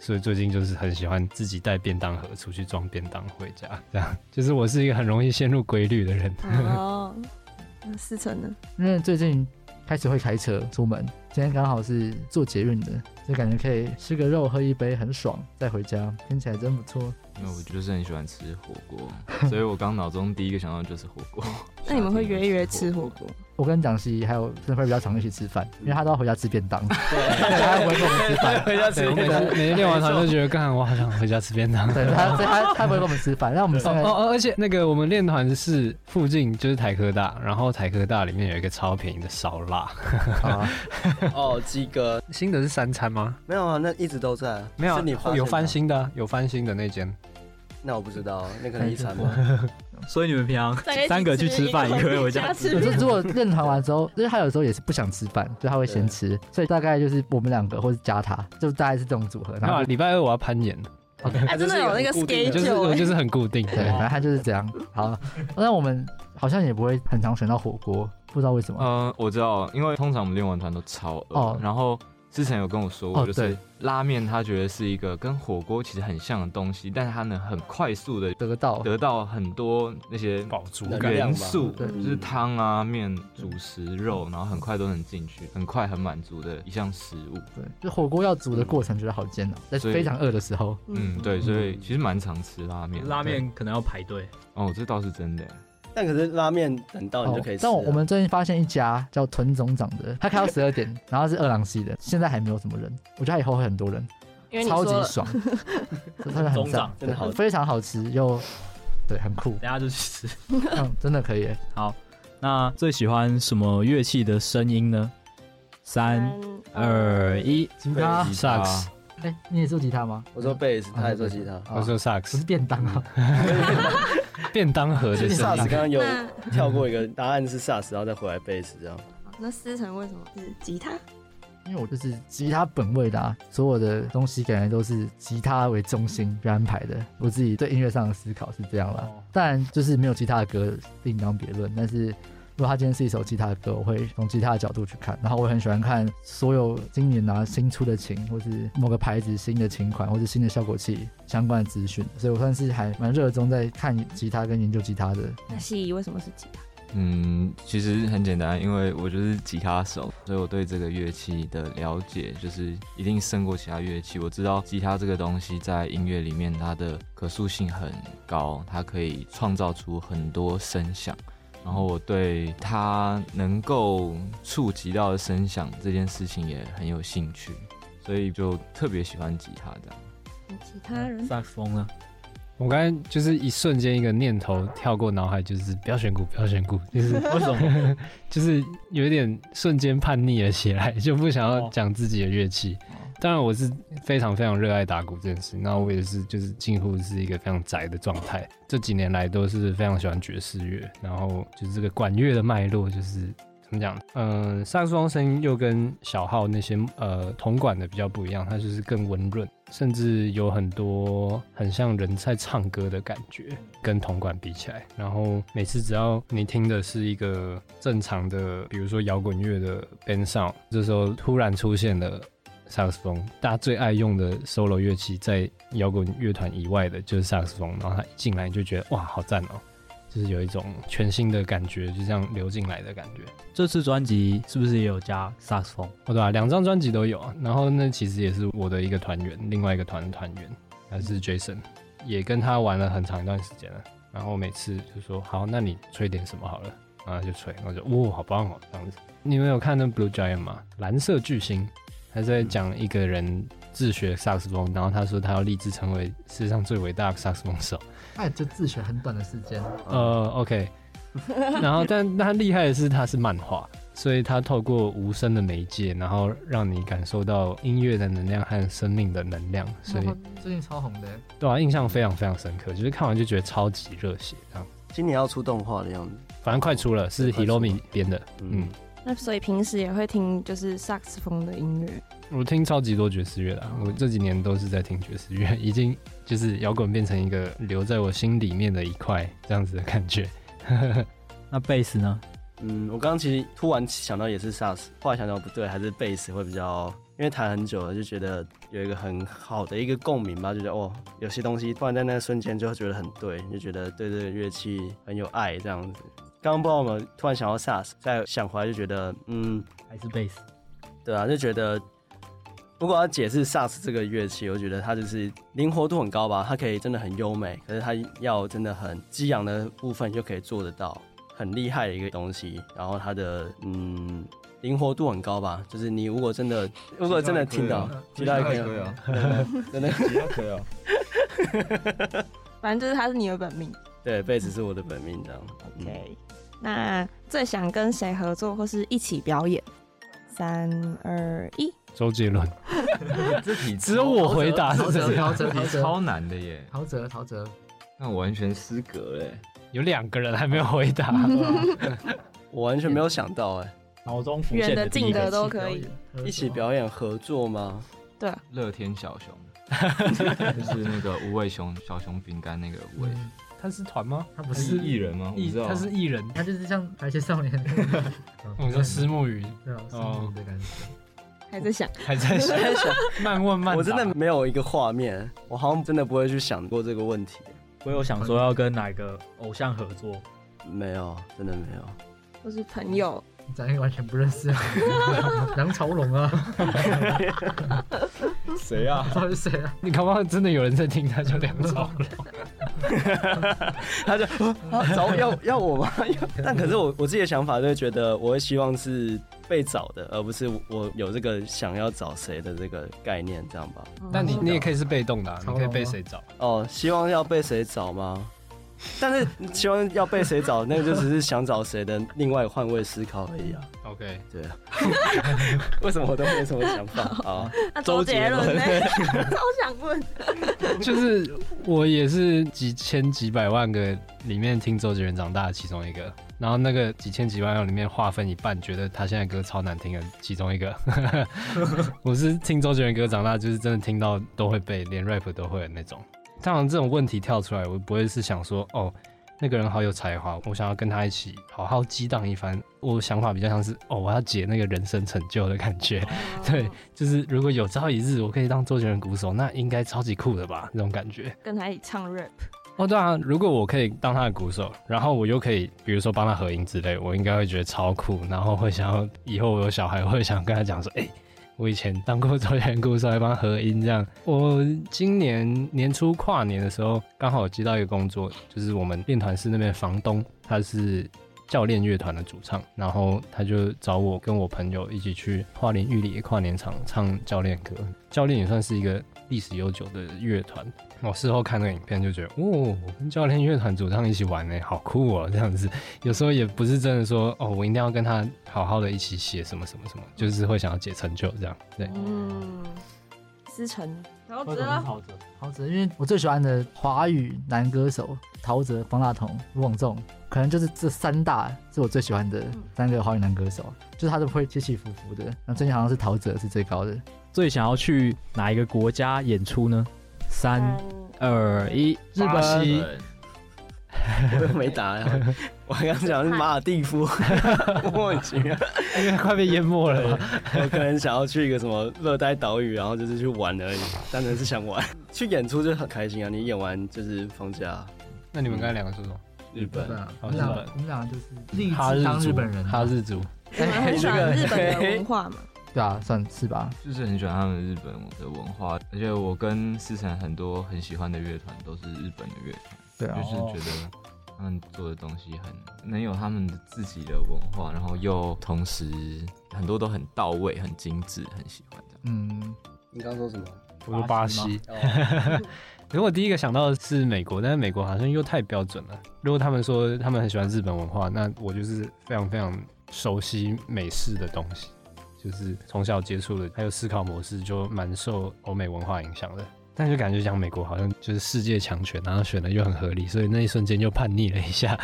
所以最近就是很喜歡自己帶便當盒出去裝便當回家，這樣。就是我是一個很容易陷入規律的人。 哦，思岑呢？嗯，最近開始會開車出門。今天剛好是坐捷運的。就感覺可以吃個肉，喝一杯，很爽，再回家，聽起來真不錯。那我就是很喜歡吃火鍋， 所以我剛腦中第一個想到的就是火鍋。那、啊、你們會約一約吃火鍋？我跟蔣西還有孫飛比較常一起吃飯，因為他都要回家吃便當。對，對對對對對他要回們吃飯。回家對對對對對每天練完團就覺得，幹我好想回家吃便當。對, 對他，啊、他、啊、他不會跟我們吃飯，讓我們哦，而且那個我們練團是附近就是台科大，然後台科大裡面有一個超便宜的燒臘。哦，雞哥，新的是三餐嗎？啊、沒有啊，那一直都在。沒有、啊，有翻新的、啊，有翻新的那間。那我不知道，那個能遺產嗎？ 所以你們平常三個去吃飯，一個回家。就如果練團完之後，就 是他有時候也是不想吃飯，就他會先吃。所以大概就是我們兩個，或者加他，就大概是這種組合。然禮、啊、拜二我要攀岩。真、Okay、的、欸就是、有那個 schedule，、就是、就是很固定。 對，然後他就是這樣。好，那我們好像也不會很常選到火鍋，不知道為什麼。嗯、呃，我知道，因為通常我們練完團都超餓、哦，然後。之前有跟我說過，哦、就是拉麵，它覺得是一個跟火鍋其實很像的東西，但是它能很快速的得到得到很多那些飽足的元素元素，對，就是湯啊、麵、主食、肉，然後很快都能進去，很快很滿足的一項食物。對，就火鍋要煮的過程覺得好煎熬、喔，在、嗯、非常餓的時候，嗯，對，所以其實蠻常吃拉麵的，拉麵可能要排隊。哦，這倒是真的。但可是拉麵等到你就可以吃、哦。但我我們最近發現一家叫豚總長的，它開到十二點，然後是二郎系的，現在還沒有什麼人，我覺得它以後會很多人，因為你超級爽， 長真的很贊，真的好，非常好吃，又對很酷，等下就去吃， 嗯，真的可以、欸。好，那最喜歡什麼樂器的聲音呢？三二一，吉他、薩克哎、欸，你也做吉他嗎？我做貝斯，嗯，他也做吉他，哦哦，我做薩克斯。不是便當啊， 便當盒就是。薩克斯剛剛有跳過一個答案是薩克斯，然後再回來貝斯這樣。那思岑為什麼是吉他？因為我就是吉他本位的，啊，所有的東西感覺都是吉他為中心去安排的。我自己對音樂上的思考是這樣了，當然就是沒有吉他的歌另當別論，但是。如果它今天是一首吉他的歌，我會從吉他的角度去看。然後我很喜歡看所有今年拿新出的琴，或是某個牌子新的琴款，或者新的效果器相關的資訊。所以我算是還蠻熱衷在看吉他跟研究吉他的。那希夷為什麼是吉他？嗯，其實很簡單，因為我就是吉他手，所以我對這個樂器的了解就是一定勝過其他樂器。我知道吉他這個東西在音樂裡面，它的可塑性很高，它可以創造出很多聲響。然後我對他能夠觸及到的聲響這件事情也很有興趣，所以就特別喜歡吉他這樣。其他人，薩、啊、風呢？我剛才就是一瞬間一個念頭跳過腦海，就是不要選鼓，不要選鼓，就是為什麼？就是有點瞬間叛逆了起來，就不想要講自己的樂器。當然，我是非常非常熱愛打鼓這件事，那我也是就是近乎是一個非常宅的狀態。這幾年來都是非常喜歡爵士樂，然後就是這個管樂的脈絡就是。怎麼講？嗯、呃，薩克斯風聲音又跟小號那些呃銅管的比較不一樣，它就是更溫潤，甚至有很多很像人在唱歌的感覺，跟銅管比起來。然後每次只要你聽的是一個正常的，比如說搖滾樂的 band sound，這時候突然出現了薩克斯風，大家最愛用的 solo 樂器，在搖滾樂團以外的就是薩克斯風，然後它一進來你就覺得哇，好讚哦！就是有一種全新的感覺，就這樣流進來的感覺。這次專輯是不是也有加薩克斯風？哦對啊，兩張專輯都有啊。然後那其實也是我的一個團員，另外一個團團員還是 Jason，、嗯、也跟他玩了很長一段時間了。然後每次就說好，那你吹點什麼好了，然後就吹，然後就哇、哦，好棒哦這樣子。你有沒有看那 Blue Giant 嗎？藍色巨星，他在講一個人自學薩克斯風，然後他說他要立志成為世界上最偉大的薩克斯風手。哎，就自學很短的時間。呃、uh，OK。 然後但，但他厲害的是，他是漫畫，所以他透過無聲的媒介，然後讓你感受到音樂的能量和生命的能量。所以、嗯、最近超紅的，對啊，印象非常非常深刻，就是看完就覺得超級熱血啊這樣！今年要出動畫的樣子，反正快出了，是 Hiromi 編的，嗯。嗯那所以平時也會聽就是薩克斯風的音樂，我聽超級多爵士樂啦，我這幾年都是在聽爵士樂，已經就是搖滾變成一個留在我心裡面的一塊這樣子的感覺。 那貝斯呢？嗯，我剛剛其實突然想到也是薩克斯，後來想到不對，還是貝斯會比較，因為彈很久了就覺得有一個很好的一個共鳴吧，就覺得哦，有些東西突然在那個瞬間就會覺得很對，就覺得對這個樂器很有愛這樣子。剛剛不知道我們突然想到薩斯，再想回來就覺得嗯，還是貝斯，對啊，就覺得，如果要解釋薩斯這個樂器，我覺得它就是靈活度很高吧，它可以真的很優美，可是它要真的很激昂的部分就可以做得到很厲害的一個東西。然後它的嗯，靈活度很高吧，就是你如果真的如果真的聽到其他也可以，真的對啊，反正就是它是你的本命。對，被子是我的本命章，嗯。OK，那最想跟誰合作或是一起表演？三二一，周杰倫。這 題 只有我回答，這題陶喆超難的耶。陶喆，陶喆，那我完全失格哎，有兩個人還沒有回答， 對啊， 我完全沒有想到哎。腦 中浮現的，遠的、近的都可以一起，一起表演合作嗎？對、啊，樂天小熊， 就是那個無尾熊小熊餅乾那個味。 他是團嗎？他不是藝人嗎？藝他是藝人、啊，他就是像白切少年。我說思慕魚，哦、 在 對啊，思慕魚的感覺。還在想，還在想， 還在想。 慢問慢答，我真的沒有一個畫面，我好像真的不會去想過這個問題。我有想說要跟哪個偶像合作？ 沒有，真的沒有，我是朋友。嗯咱也完全不認識啊， 梁朝龍龍啊 ，誰啊？到底誰啊？你搞不好真的有人在聽， 他叫梁朝龍，他、啊、就找要要我嗎要？但可是我我自己的想法就是覺得，我會希望是被找的，而不是我有這個想要找誰的這個概念，這樣吧？嗯、但你、嗯、你也可以是被動的、啊啊，你可以被誰找？哦，希望要被誰找嗎？但是希望要被誰找，那個、就只是想找誰的另外換位思考而已啊。OK，對 為什麼我都沒什麼想法啊？周杰倫，超想問。就是我也是幾千幾百萬個裡面聽周杰倫長大的其中一個，然後那個幾千幾萬個裡面劃分一半覺得他現在歌超難聽的其中一個。 我是聽周杰倫歌長大，就是真的聽到都會背，連 rap 都會有那種。當然，這種問題跳出來，我不會是想說哦，那個人好有才華，我想要跟他一起好好激盪一番。我想法比較像是哦，我要解那個人生成就的感覺，哦、對，就是如果有朝一日我可以當周杰倫鼓手，那應該超級酷的吧？那種感覺，跟他一起唱 rap。哦，對啊，如果我可以當他的鼓手，然後我又可以，比如說幫他合音之類，我應該會覺得超酷，然後會想要、嗯、以後我有小孩，會想跟他講說，哎、欸。我以前當過招賢故事，還幫合音這樣。我今年年初跨年的時候，剛好接到一個工作，就是我們練團室那邊房東他是教練樂團的主唱，然後他就找我跟我朋友一起去花蓮玉里跨年場唱教練歌。教練也算是一個歷史悠久的樂團。我事後看那個影片就覺得，哦，我跟教練樂團主唱一起玩呢，好酷哦、喔！這樣子，有時候也不是真的說，哦，我一定要跟他好好的一起寫什麼什麼什麼，就是會想要解成就這樣。對，嗯，思岑，陶喆，陶喆，因為我最喜歡的華語男歌手，陶喆、方大同、盧廣仲，可能就是這三大是我最喜歡的三個華語男歌手，嗯，就是他都會起起伏伏的。那最近好像是陶喆是最高的，最想要去哪一個國家演出呢？三二一，日本,日本我又沒答呀、啊！ 我剛剛講是馬爾地夫，我 快被淹沒了。 我可能想要去一個什麼熱帶島嶼，然後就是去玩而已，單純是想玩。 去演出就很開心啊！你演完就是放假、啊。那你們剛才兩個說什麼？日本，日本。我們兩個就是哈日，當日本人、啊，哈日族，喜歡日本的文化嘛？ 對啊，算是吧，就是很喜歡他們日本的文化。而且我跟思岑很多很喜歡的樂團都是日本的樂團，對啊，就是覺得他們做的東西很能有他們的自己的文化，然後又同時很多都很到位、很精緻，很喜歡的。嗯，你剛說什麼？我說巴西，巴西。 如果第一個想到的是美國，但是美國好像又太標準了。如果他們說他們很喜歡日本文化，那我就是非常非常熟悉美式的東西。就是從小接觸的，還有思考模式就蠻受歐美文化影響的，但就感覺講美國好像就是世界強權，然後選的又很合理，所以那一瞬間就叛逆了一下。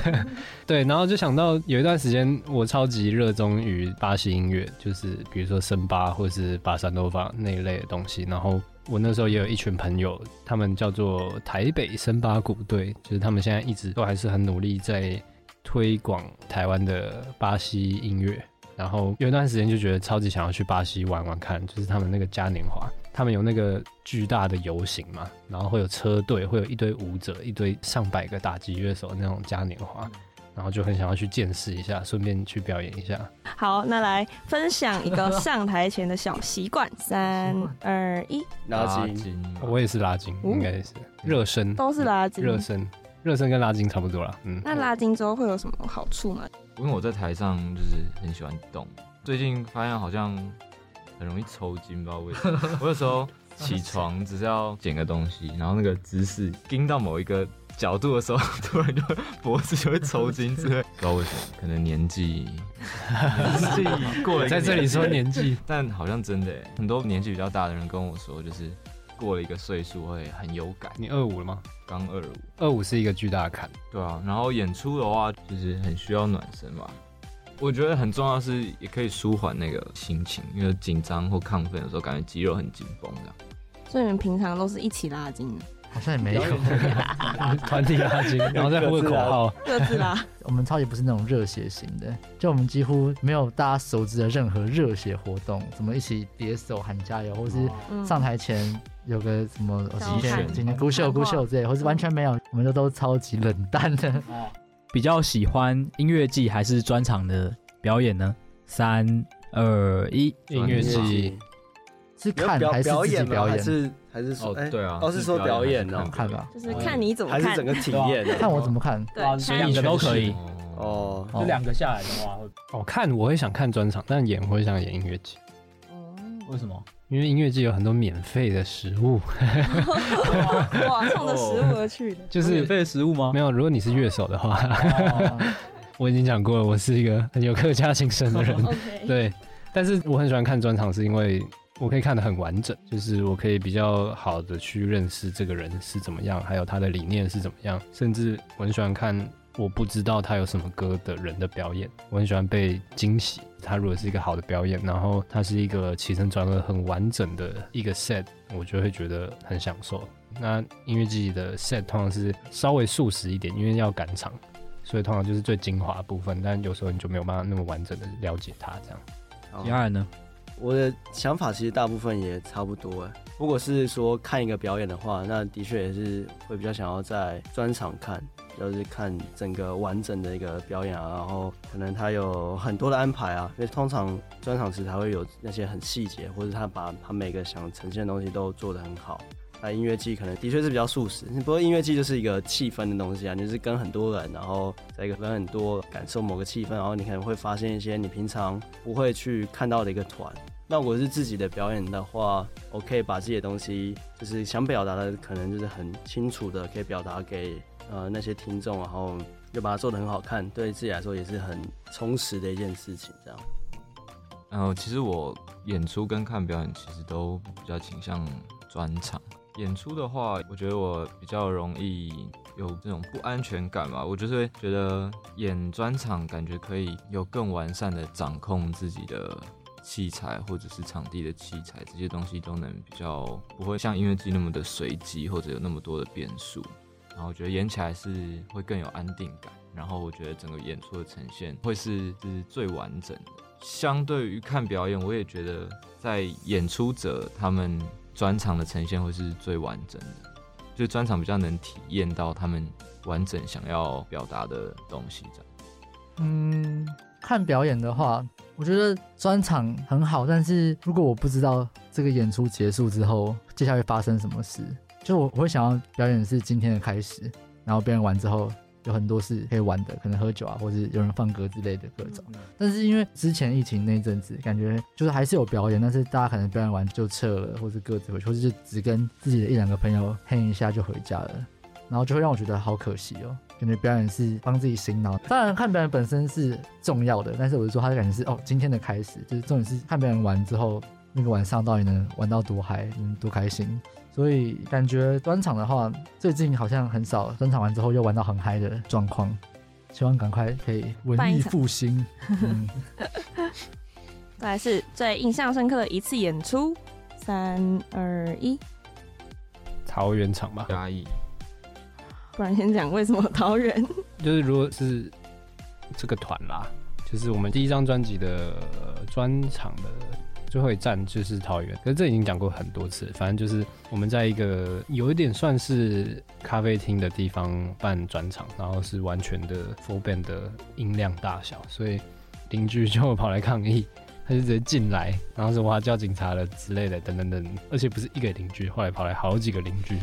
對，然後就想到有一段時間我超級熱衷於巴西音樂，就是比如說森巴或者是巴薩諾瓦那一類的東西。然後我那時候也有一群朋友，他們叫做台北森巴鼓隊，就是他們現在一直都還是很努力在推廣台灣的巴西音樂。然後有一段時間就覺得超級想要去巴西玩玩看，就是他們那個嘉年華，他們有那個巨大的遊行嘛，然後會有車隊，會有一堆舞者，一堆上百個打擊樂手的那種嘉年華，然後就很想要去見識一下，順便去表演一下。好，那來分享一個上台前的小習慣， 三二一，拉筋，我也是拉筋，嗯、應該也是熱身，都是拉筋，嗯、熱身。熱身跟拉筋差不多了。嗯，那拉筋之後會有什麼好處嗎？因為我在台上就是很喜歡動，最近發現好像很容易抽筋，不知道為什麼。我有時候起床，只是要撿個東西，然後那個姿勢盯到某一個角度的時候，突然就脖子就會抽筋之類，不知道為什麼。 可能年紀， 年紀過了，在這裡說年紀， 但好像真的、欸，很多年紀比較大的人跟我說，就是。過了一個歲數會很有感。你二五了嗎？剛二五。二五是一個巨大的坎。對啊，然後演出的話，其實很需要暖身吧。我覺得很重要是也可以舒緩那個心情，因為緊張或亢奮的時候，感覺肌肉很緊繃這樣。所以你們平常都是一起拉筋的？好像也沒有團體押金，然後再呼個口號，各自啦。啦 我們超級不是那種熱血型的，就我們幾乎沒有大家熟知的任何熱血活動，什麼一起疊手喊加油，或是上台前有個什麼哦哦集訓、今天鼓秀、鼓、嗯、秀之類，或是完全沒有。我們就都超級冷淡的、嗯嗯。比較喜歡音樂祭還是專場的表演呢？三二一，音樂祭。是看還是自己表演？表演是還是說？哦，對啊，欸、哦，是說表演呢？看吧，就是看你怎麼看，還是整個體驗？看我怎麼看？對，兩個都可以哦。這、哦、兩個下來的話，哦，看我會想看專場，但演我會想演音樂劇。嗯，為什麼？因為音樂劇有很多免費的食物。 哇，送的食物而去的？就是免費的食物嗎？沒有，如果你是樂手的話，哦、 我已經講過了，我是一個很有客家精神的人。對，okay. 但是我很喜歡看專場，是因為。我可以看得很完整，就是我可以比較好的去認識這個人是怎麼樣，還有他的理念是怎麼樣。甚至我很喜歡看我不知道他有什麼歌的人的表演，我很喜歡被驚喜。他如果是一個好的表演，然後他是一個起承轉合很完整的一個 set，我就會覺得很享受。那音樂祭的 set 通常是稍微速食一點，因為要趕場，所以通常就是最精華的部分。但有時候你就沒有辦法那麼完整的了解他這樣。好。第二呢？我的想法其實大部分也差不多哎。如果是說看一個表演的話，那的確也是會比較想要在專場看，就是看整個完整的一個表演啊。然後可能他有很多的安排啊，因為通常專場時才會有那些很細節，或者他把他每個想呈現的東西都做得很好。那音樂祭可能的確是比較速食，不過音樂祭就是一個氣氛的東西啊，你就是跟很多人，然後在一個跟很多感受某個氣氛，然後你可能會發現一些你平常不會去看到的一個團。那我是自己的表演的話，我可以把這些東西，就是想表達的，可能就是很清楚的，可以表達給呃那些聽眾，然後又把它做的很好看，對自己來說也是很充實的一件事情。這樣。然後，呃，其實我演出跟看表演其實都比較傾向專場。演出的話，我覺得我比較容易有這種不安全感嘛。我就是會覺得演專場感覺可以有更完善的掌控自己的器材，或者是場地的器材，這些東西都能比較不會像音樂劇那麼的隨機，或者有那麼多的變數。然後我覺得演起來是會更有安定感。然後我覺得整個演出的呈現會是就是最完整的。相對於看表演，我也覺得在演出者他們。專場的呈現會是最完整的，就是專場比較能體驗到他們完整想要表達的東西。這樣，嗯，看表演的話，我覺得專場很好，但是如果我不知道這個演出結束之後接下來會發生什麼事，就我我會想要表演的是今天的開始，然後表演完之後。有很多是可以玩的，可能喝酒啊，或者有人放歌之類的各種。但是因為之前疫情那陣子，感覺就是還是有表演，但是大家可能表演完就撤了，或者各自回去，或者是只跟自己的一兩個朋友 hang 一下就回家了。然後就會讓我覺得好可惜哦，感覺表演是幫自己洗腦。當然看表演本身是重要的，但是我就說他的感覺是哦，今天的開始就是重點是看別人玩之後那個晚上到底能玩到多嗨，嗯，多開心。所以感覺專場的話，最近好像很少專場完之後又玩到很嗨的狀況，希望趕快可以文藝復興 嗯。再來是最印象深刻的一次演出，三二一，桃園場吧，壓抑。不然先講為什麼桃園？就是如果是這個團啦，就是我們第一張專輯的專場的。最後一站就是桃園，可是這已經講過很多次了。反正就是我們在一個有一點算是咖啡廳的地方辦專場，然後是完全的 full band 的音量大小，所以鄰居就會跑來抗議，他就直接進來，然後說哇，叫警察了之類的，等等等。而且不是一個鄰居，後來跑來好幾個鄰居。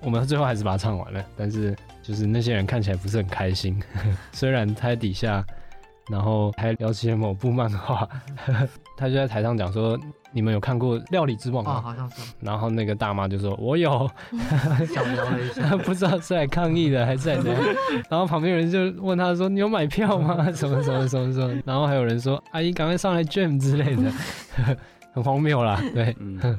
我們最後還是把它唱完了，但是就是那些人看起來不是很開心，呵呵，雖然他在底下。然後還聊起某部漫畫， 他就在台上講說：“你們有看過《料理之王》嗎？”哦，好像是。然後那個大媽就說：“我有。”想瞄一下 不知道是來抗議的還是什麼。然後旁邊有人就問他說：“你有買票嗎？什麼什麼什麼什麼？”然後還有人說：“阿姨，趕快上來 jam 之類的。 ”很荒謬啦對，嗯，對。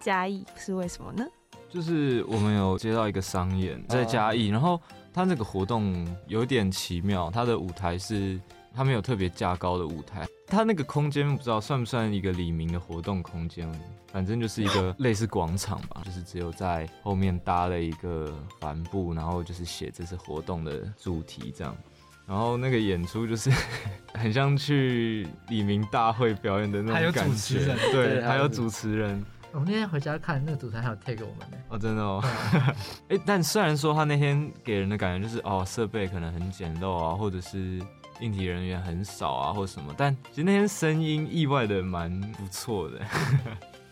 嘉義是為什麼呢？就是我們有接到一個商演在嘉義，然後。他那個活動有點奇妙，他的舞台是他沒有特別架高的舞台，他那個空間不知道算不算一個里民的活動空間，反正就是一個類似廣場吧，就是只有在後面搭了一個帆布，然後就是寫這次活動的主題這樣，然後那個演出就是 很像去里民大會表演的那種感覺，對，還有主持人。 我、哦、們那天回家看那個主持人，還有 tag 給我們呢。哦，真的哦。哎、嗯 欸，但雖然說他那天給人的感覺就是哦，設備可能很簡陋啊，或者是硬體人員很少啊，或什麼，但其實那天聲音意外的蠻不錯的。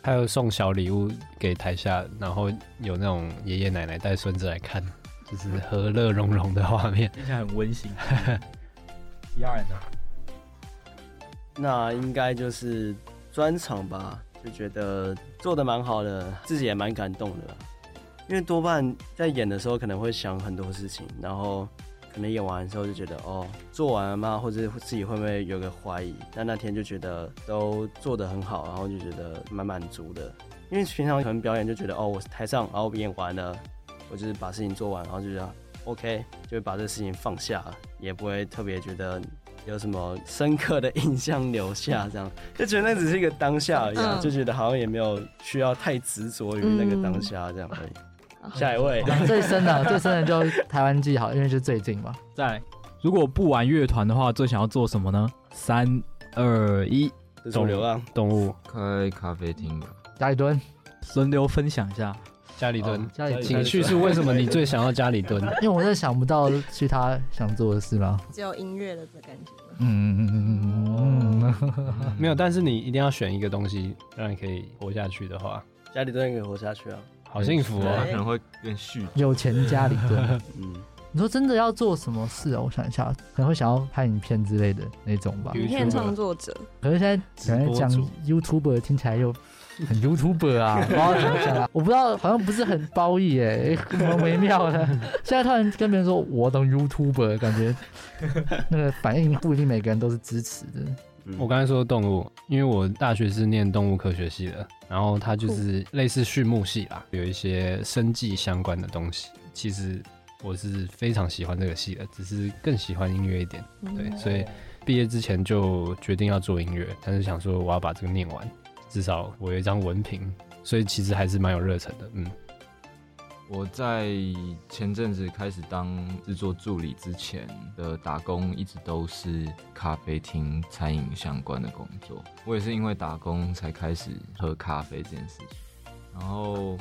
他 有送小禮物給台下，然後有那種爺爺奶奶帶孫子來看，就是和樂融融的畫面，看起來很溫馨。第二呢，那應該就是專場吧。就覺得做得蠻好的，自己也蠻感動的，因為多半在演的時候可能會想很多事情，然後可能演完的時候就覺得哦，做完了嘛，或者自己會不會有個懷疑？但那天就覺得都做得很好，然後就覺得蠻滿足的，因為平常可能表演就覺得哦，我是台上然後我演完了，我就是把事情做完，然後就覺得 OK，就會把這事情放下，也不會特別覺得。有什麼深刻的印象留下？這樣就覺得那只是一個當下而已、啊，就覺得好像也沒有需要太執着於那個當下這樣而已。嗯、下一位，最深的、 最深的就台灣記號，因為是最近嘛。再來，如果不玩樂團的話，最想要做什麼呢？三二一，走流浪動物，開咖啡廳吧。一義墩，輪流分享一下。家裡蹲。哦，家裡情緒是為什麼？你最想要家裡蹲？因為我真想不到其他想做的事啦。只有音樂的這感覺。嗯嗯嗯嗯嗯。沒、嗯、有、嗯嗯嗯，但是你一定要選一個東西讓你可以活下去的話，家裡蹲可以活下去啊，好幸福啊。哦，可能會更續。有錢家裡蹲。嗯 你說真的要做什麼事啊？我想一下，可能會想要拍影片之類的那種吧。影片創作者。可是現在講 YouTuber 聽起來又。很 YouTuber 啊，怎啊？我不知道， 知道 好像不是很褒義誒、欸，很微妙的。 現在突然跟別人說我懂 YouTuber 感覺那個反應不一定每個人都是支持的。我剛才說動物，因為我大學是念動物科學系的，然後它就是類似畜牧系啦，有一些生技相關的東西。其實我是非常喜歡這個系的，只是更喜歡音樂一點、嗯。對，所以畢業之前就決定要做音樂，但是想說我要把這個念完。至少我有一張文憑，所以其實還是蠻有熱忱的。嗯，我在前陣子開始當製作助理之前的打工，一直都是咖啡廳、餐飲相關的工作。我也是因為打工才開始喝咖啡這件事情。然後，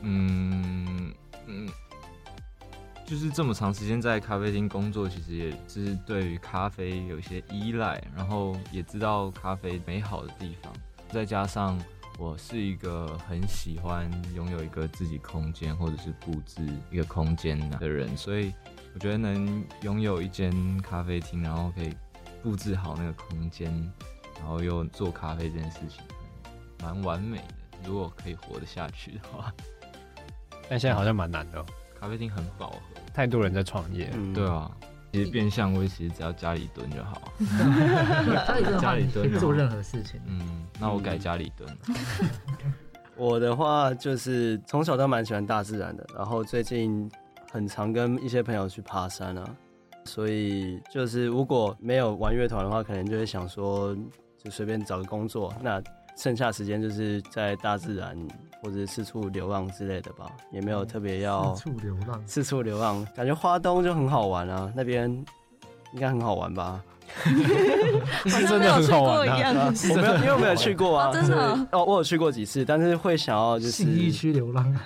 嗯嗯，就是這麼長時間在咖啡廳工作，其實也是對於咖啡有一些依賴，然後也知道咖啡美好的地方。再加上我是一個很喜歡擁有一個自己空間或者是佈置一個空間的人，所以我覺得能擁有一間咖啡廳，然後可以佈置好那個空間，然後又做咖啡這件事情，蠻完美的。如果可以活得下去的話，但現在好像蠻難的，哦，咖啡廳很飽和，太多人在創業，嗯，對啊。其實變相，我其實只要家裡蹲就好。 家裡蹲、啊，家裡蹲，做任何事情。嗯，那我改家裡蹲。 我的話就是從小都蠻喜歡大自然的，然後最近很常跟一些朋友去爬山啊，所以就是如果沒有玩樂團的話，可能就會想說就隨便找個工作，那剩下時間就是在大自然。或者是四處流浪之類的吧，也沒有特別要四處流浪。四處流浪，感覺花東就很好玩啊，那邊應該很好玩吧？是真的有去過一樣、啊啊。我沒有，因為沒有去過啊。 哦、真的哦？哦，我有去過幾次，但是會想要就是信義區流浪。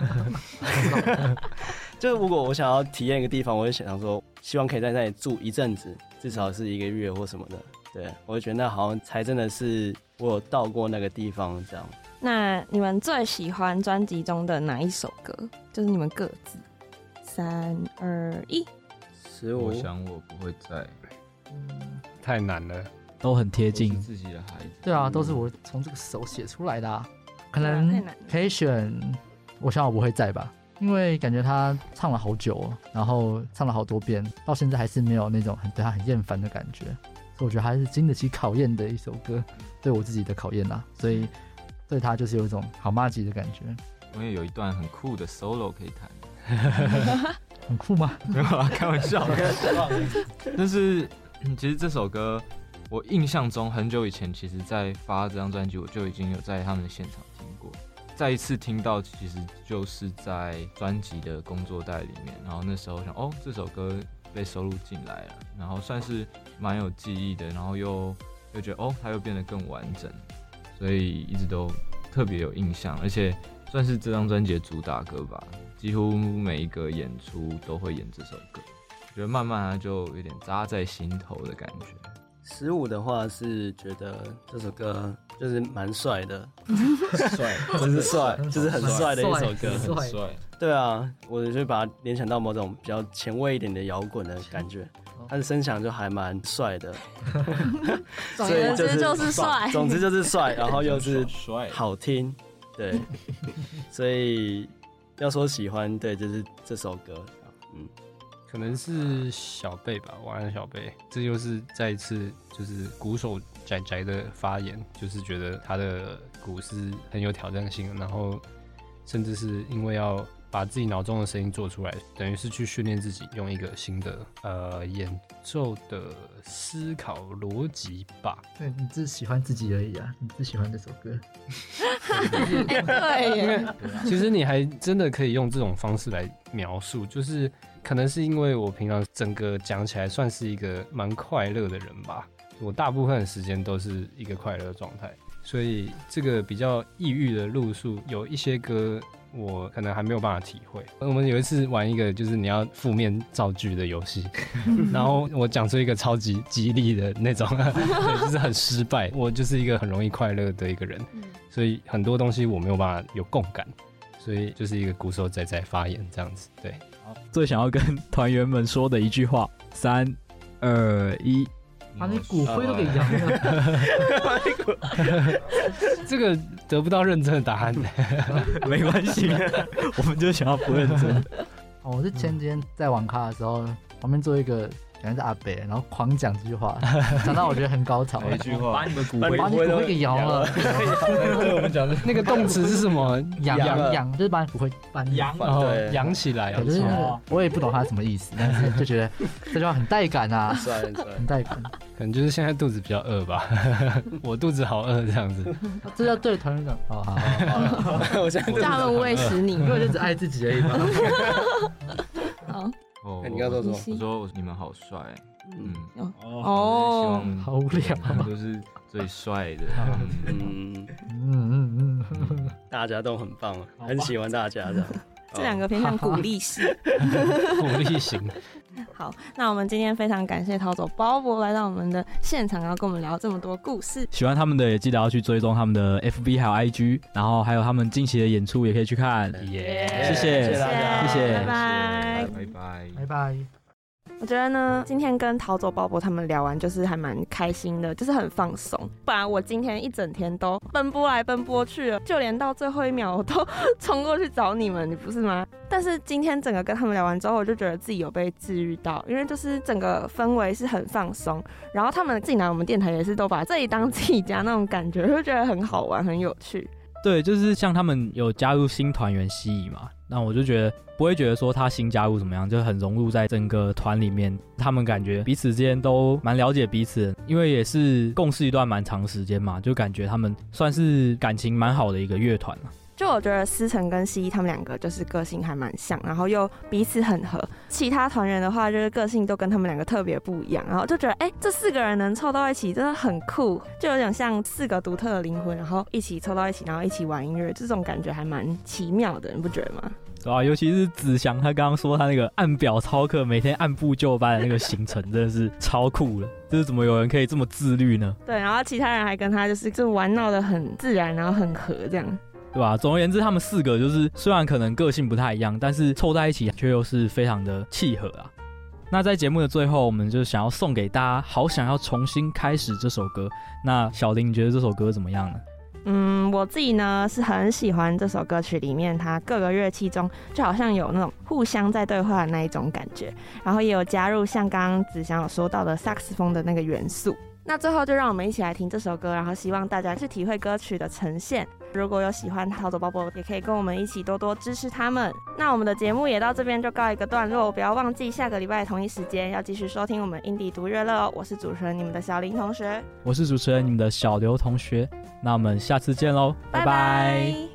就是如果我想要體驗一個地方，我就想，想說，希望可以在那裡住一陣子，至少是一個月或什麼的。對，我就覺得那好像才真的是我有到過那個地方這樣。那你們最喜歡專輯中的哪一首歌？就是你們各自三二一，所以我想我不會再，嗯、太難了，都很貼近自己的孩子，對啊，嗯、都是我從這個手寫出來的、啊，可能可以選，我想我不會再吧，因為感覺他唱了好久，然後唱了好多遍，到現在還是沒有那種很對他很厭煩的感覺，所以我覺得還是經得起考驗的一首歌，對我自己的考驗啊。所以。對，他就是有一種好麻吉的感覺。我也有一段很酷的 solo 可以彈。 很酷嗎？沒有啊，開玩笑。但、 就是其實這首歌，我印象中很久以前，其實在發這張專輯，我就已經有在他們的現場聽過。再一次聽到，其實就是在專輯的工作帶裡面。然後那時候想，哦，這首歌被收錄進來了，然後算是蠻有記憶的。然後又又覺得，哦，它又變得更完整。所以一直都特別有印象，而且算是這張專輯的主打歌吧，幾乎每一個演出都會演這首歌。覺得慢慢啊，就有點紮在心頭的感覺。十五的話是覺得這首歌就是蠻帥的，帥， 真是帥， 就是很帥的一首歌，很帥。對啊，我就把它聯想到某種比較前衛一點的搖滾的感覺。他的聲響就還蠻帥的，總之就是帥，總之就是帥，然後又是帥，好聽，對。所以要說喜歡，對，就是這首歌， 就 嗯，可能是小貝吧，我愛小貝。這又是再一次，就是鼓手仔仔的發言，就是覺得他的鼓是很有挑戰性，然後甚至是因為要。把自己腦中的聲音做出來，等於是去訓練自己用一個新的呃演奏的思考邏輯吧。對，你只喜歡自己而已啊，你只喜歡這首歌。 其實你還真的可以用這種方式來描述，就是可能是因為我平常整個講起來算是一個蠻快樂的人吧，我大部分的時間都是一個快樂的狀態，所以這個比較抑鬱的路數有一些歌，我可能還沒有辦法體會。我們有一次玩一個就是你要負面造句的遊戲，然後我講出一個超級激勵的那種，對，就是很失敗。我就是一個很容易快樂的一個人，所以很多東西我沒有辦法有共感，所以就是一個鼓手仔仔發言這樣子。對，最想要跟團員們說的一句話：三、二、一。把你，你骨灰都給揚了， 這個得不到認真的答案，嗯，啊、 沒關係，我們就想要不認真。 我是前幾天在網咖的時候，嗯、旁邊坐一個，原是阿北，然後狂講這句話，講到我覺得很高潮。 一句話，把你們骨灰，把你骨灰給揚了。我們講那個動詞是什麼？揚揚就是把你骨灰，把揚對揚起來，起來，就是哦。我也不懂他什麼意思，但是就覺得這句話很帶感啊，很帶感。可能就是現在肚子比較餓吧， 我肚子好餓，這樣子。 啊、這叫對團長、哦，好好，好，好 我講他們餵食你， 因為就只愛自己而已嘛。 哦、oh, 欸，你剛說什麼？我說你們好帥， 嗯，哦、oh. oh. 嗯，好無聊，都是最帥的，啊 oh. 嗯 嗯，嗯嗯嗯嗯， 嗯，大家都很棒，啊，很喜歡大家的。 這兩個偏向鼓勵型，鼓勵型。 好，那我們今天非常感謝逃走鮑伯來到我們的現場，要跟我們聊這麼多故事。喜歡他們的也記得要去追蹤他們的 FB 還有 IG，然後還有他們近期的演出也可以去看。Yeah, 謝謝，謝謝大家，謝謝，拜拜，拜拜，拜拜。我覺得呢，今天跟逃走鮑伯他們聊完，就是還蠻開心的，就是很放鬆。不然我今天一整天都奔波來奔波去了，就連到最後一秒我都衝過去找你們，你不是嗎？但是今天整個跟他們聊完之後，我就覺得自己有被治癒到，因為就是整個氛圍是很放鬆。然後他們進來我們電台也是都把這裡當自己家那種感覺，就覺得很好玩，很有趣。對，就是像他們有加入新團員希夷嘛。那我就覺得不會覺得說他新加入怎麼樣，就很融入在整個團裡面。他們感覺彼此之間都蠻了解彼此，因為也是共事一段蠻長時間嘛，就感覺他們算是感情蠻好的一個樂團了，啊。就我覺得思成跟希夷他們兩個就是個性還蠻像，然後又彼此很合。其他團員的話，就是個性都跟他們兩個特別不一樣。然後就覺得哎、欸，這四個人能湊到一起真的很酷，就有點像四個獨特的靈魂，然後一起湊到一起，然後一起玩音樂，這種感覺還蠻奇妙的，你不覺得嗎？對啊，尤其是子祥，他剛剛說他那個按表操課，每天按部就班的那個行程，真的是超酷了。就是怎麼有人可以這麼自律呢？對，然後其他人還跟他就是就玩鬧得很自然，然後很合這樣。對吧？對啊，總而言之，他們四個就是雖然可能個性不太一樣，但是湊在一起卻又是非常的契合啊。那在節目的最後，我們就想要送給大家《好想要重新開始》這首歌。那小林，你覺得這首歌怎麼樣呢？嗯，我自己呢是很喜歡這首歌曲，裡面它各個樂器中，就好像有那種互相在對話的那一種感覺，然後也有加入像剛剛子祥有說到的薩克斯風的那個元素。那最後就讓我們一起來聽這首歌，然後希望大家去體會歌曲的呈現。如果有喜歡逃走鮑伯，也可以跟我們一起多多支持他們。那我們的節目也到這邊就告一個段落，不要忘記下個禮拜同一時間要繼續收聽我們 Indie 獨樂樂哦。我是主持人你們的小林同學，我是主持人你們的小劉同學。那我們下次見嘍，拜拜。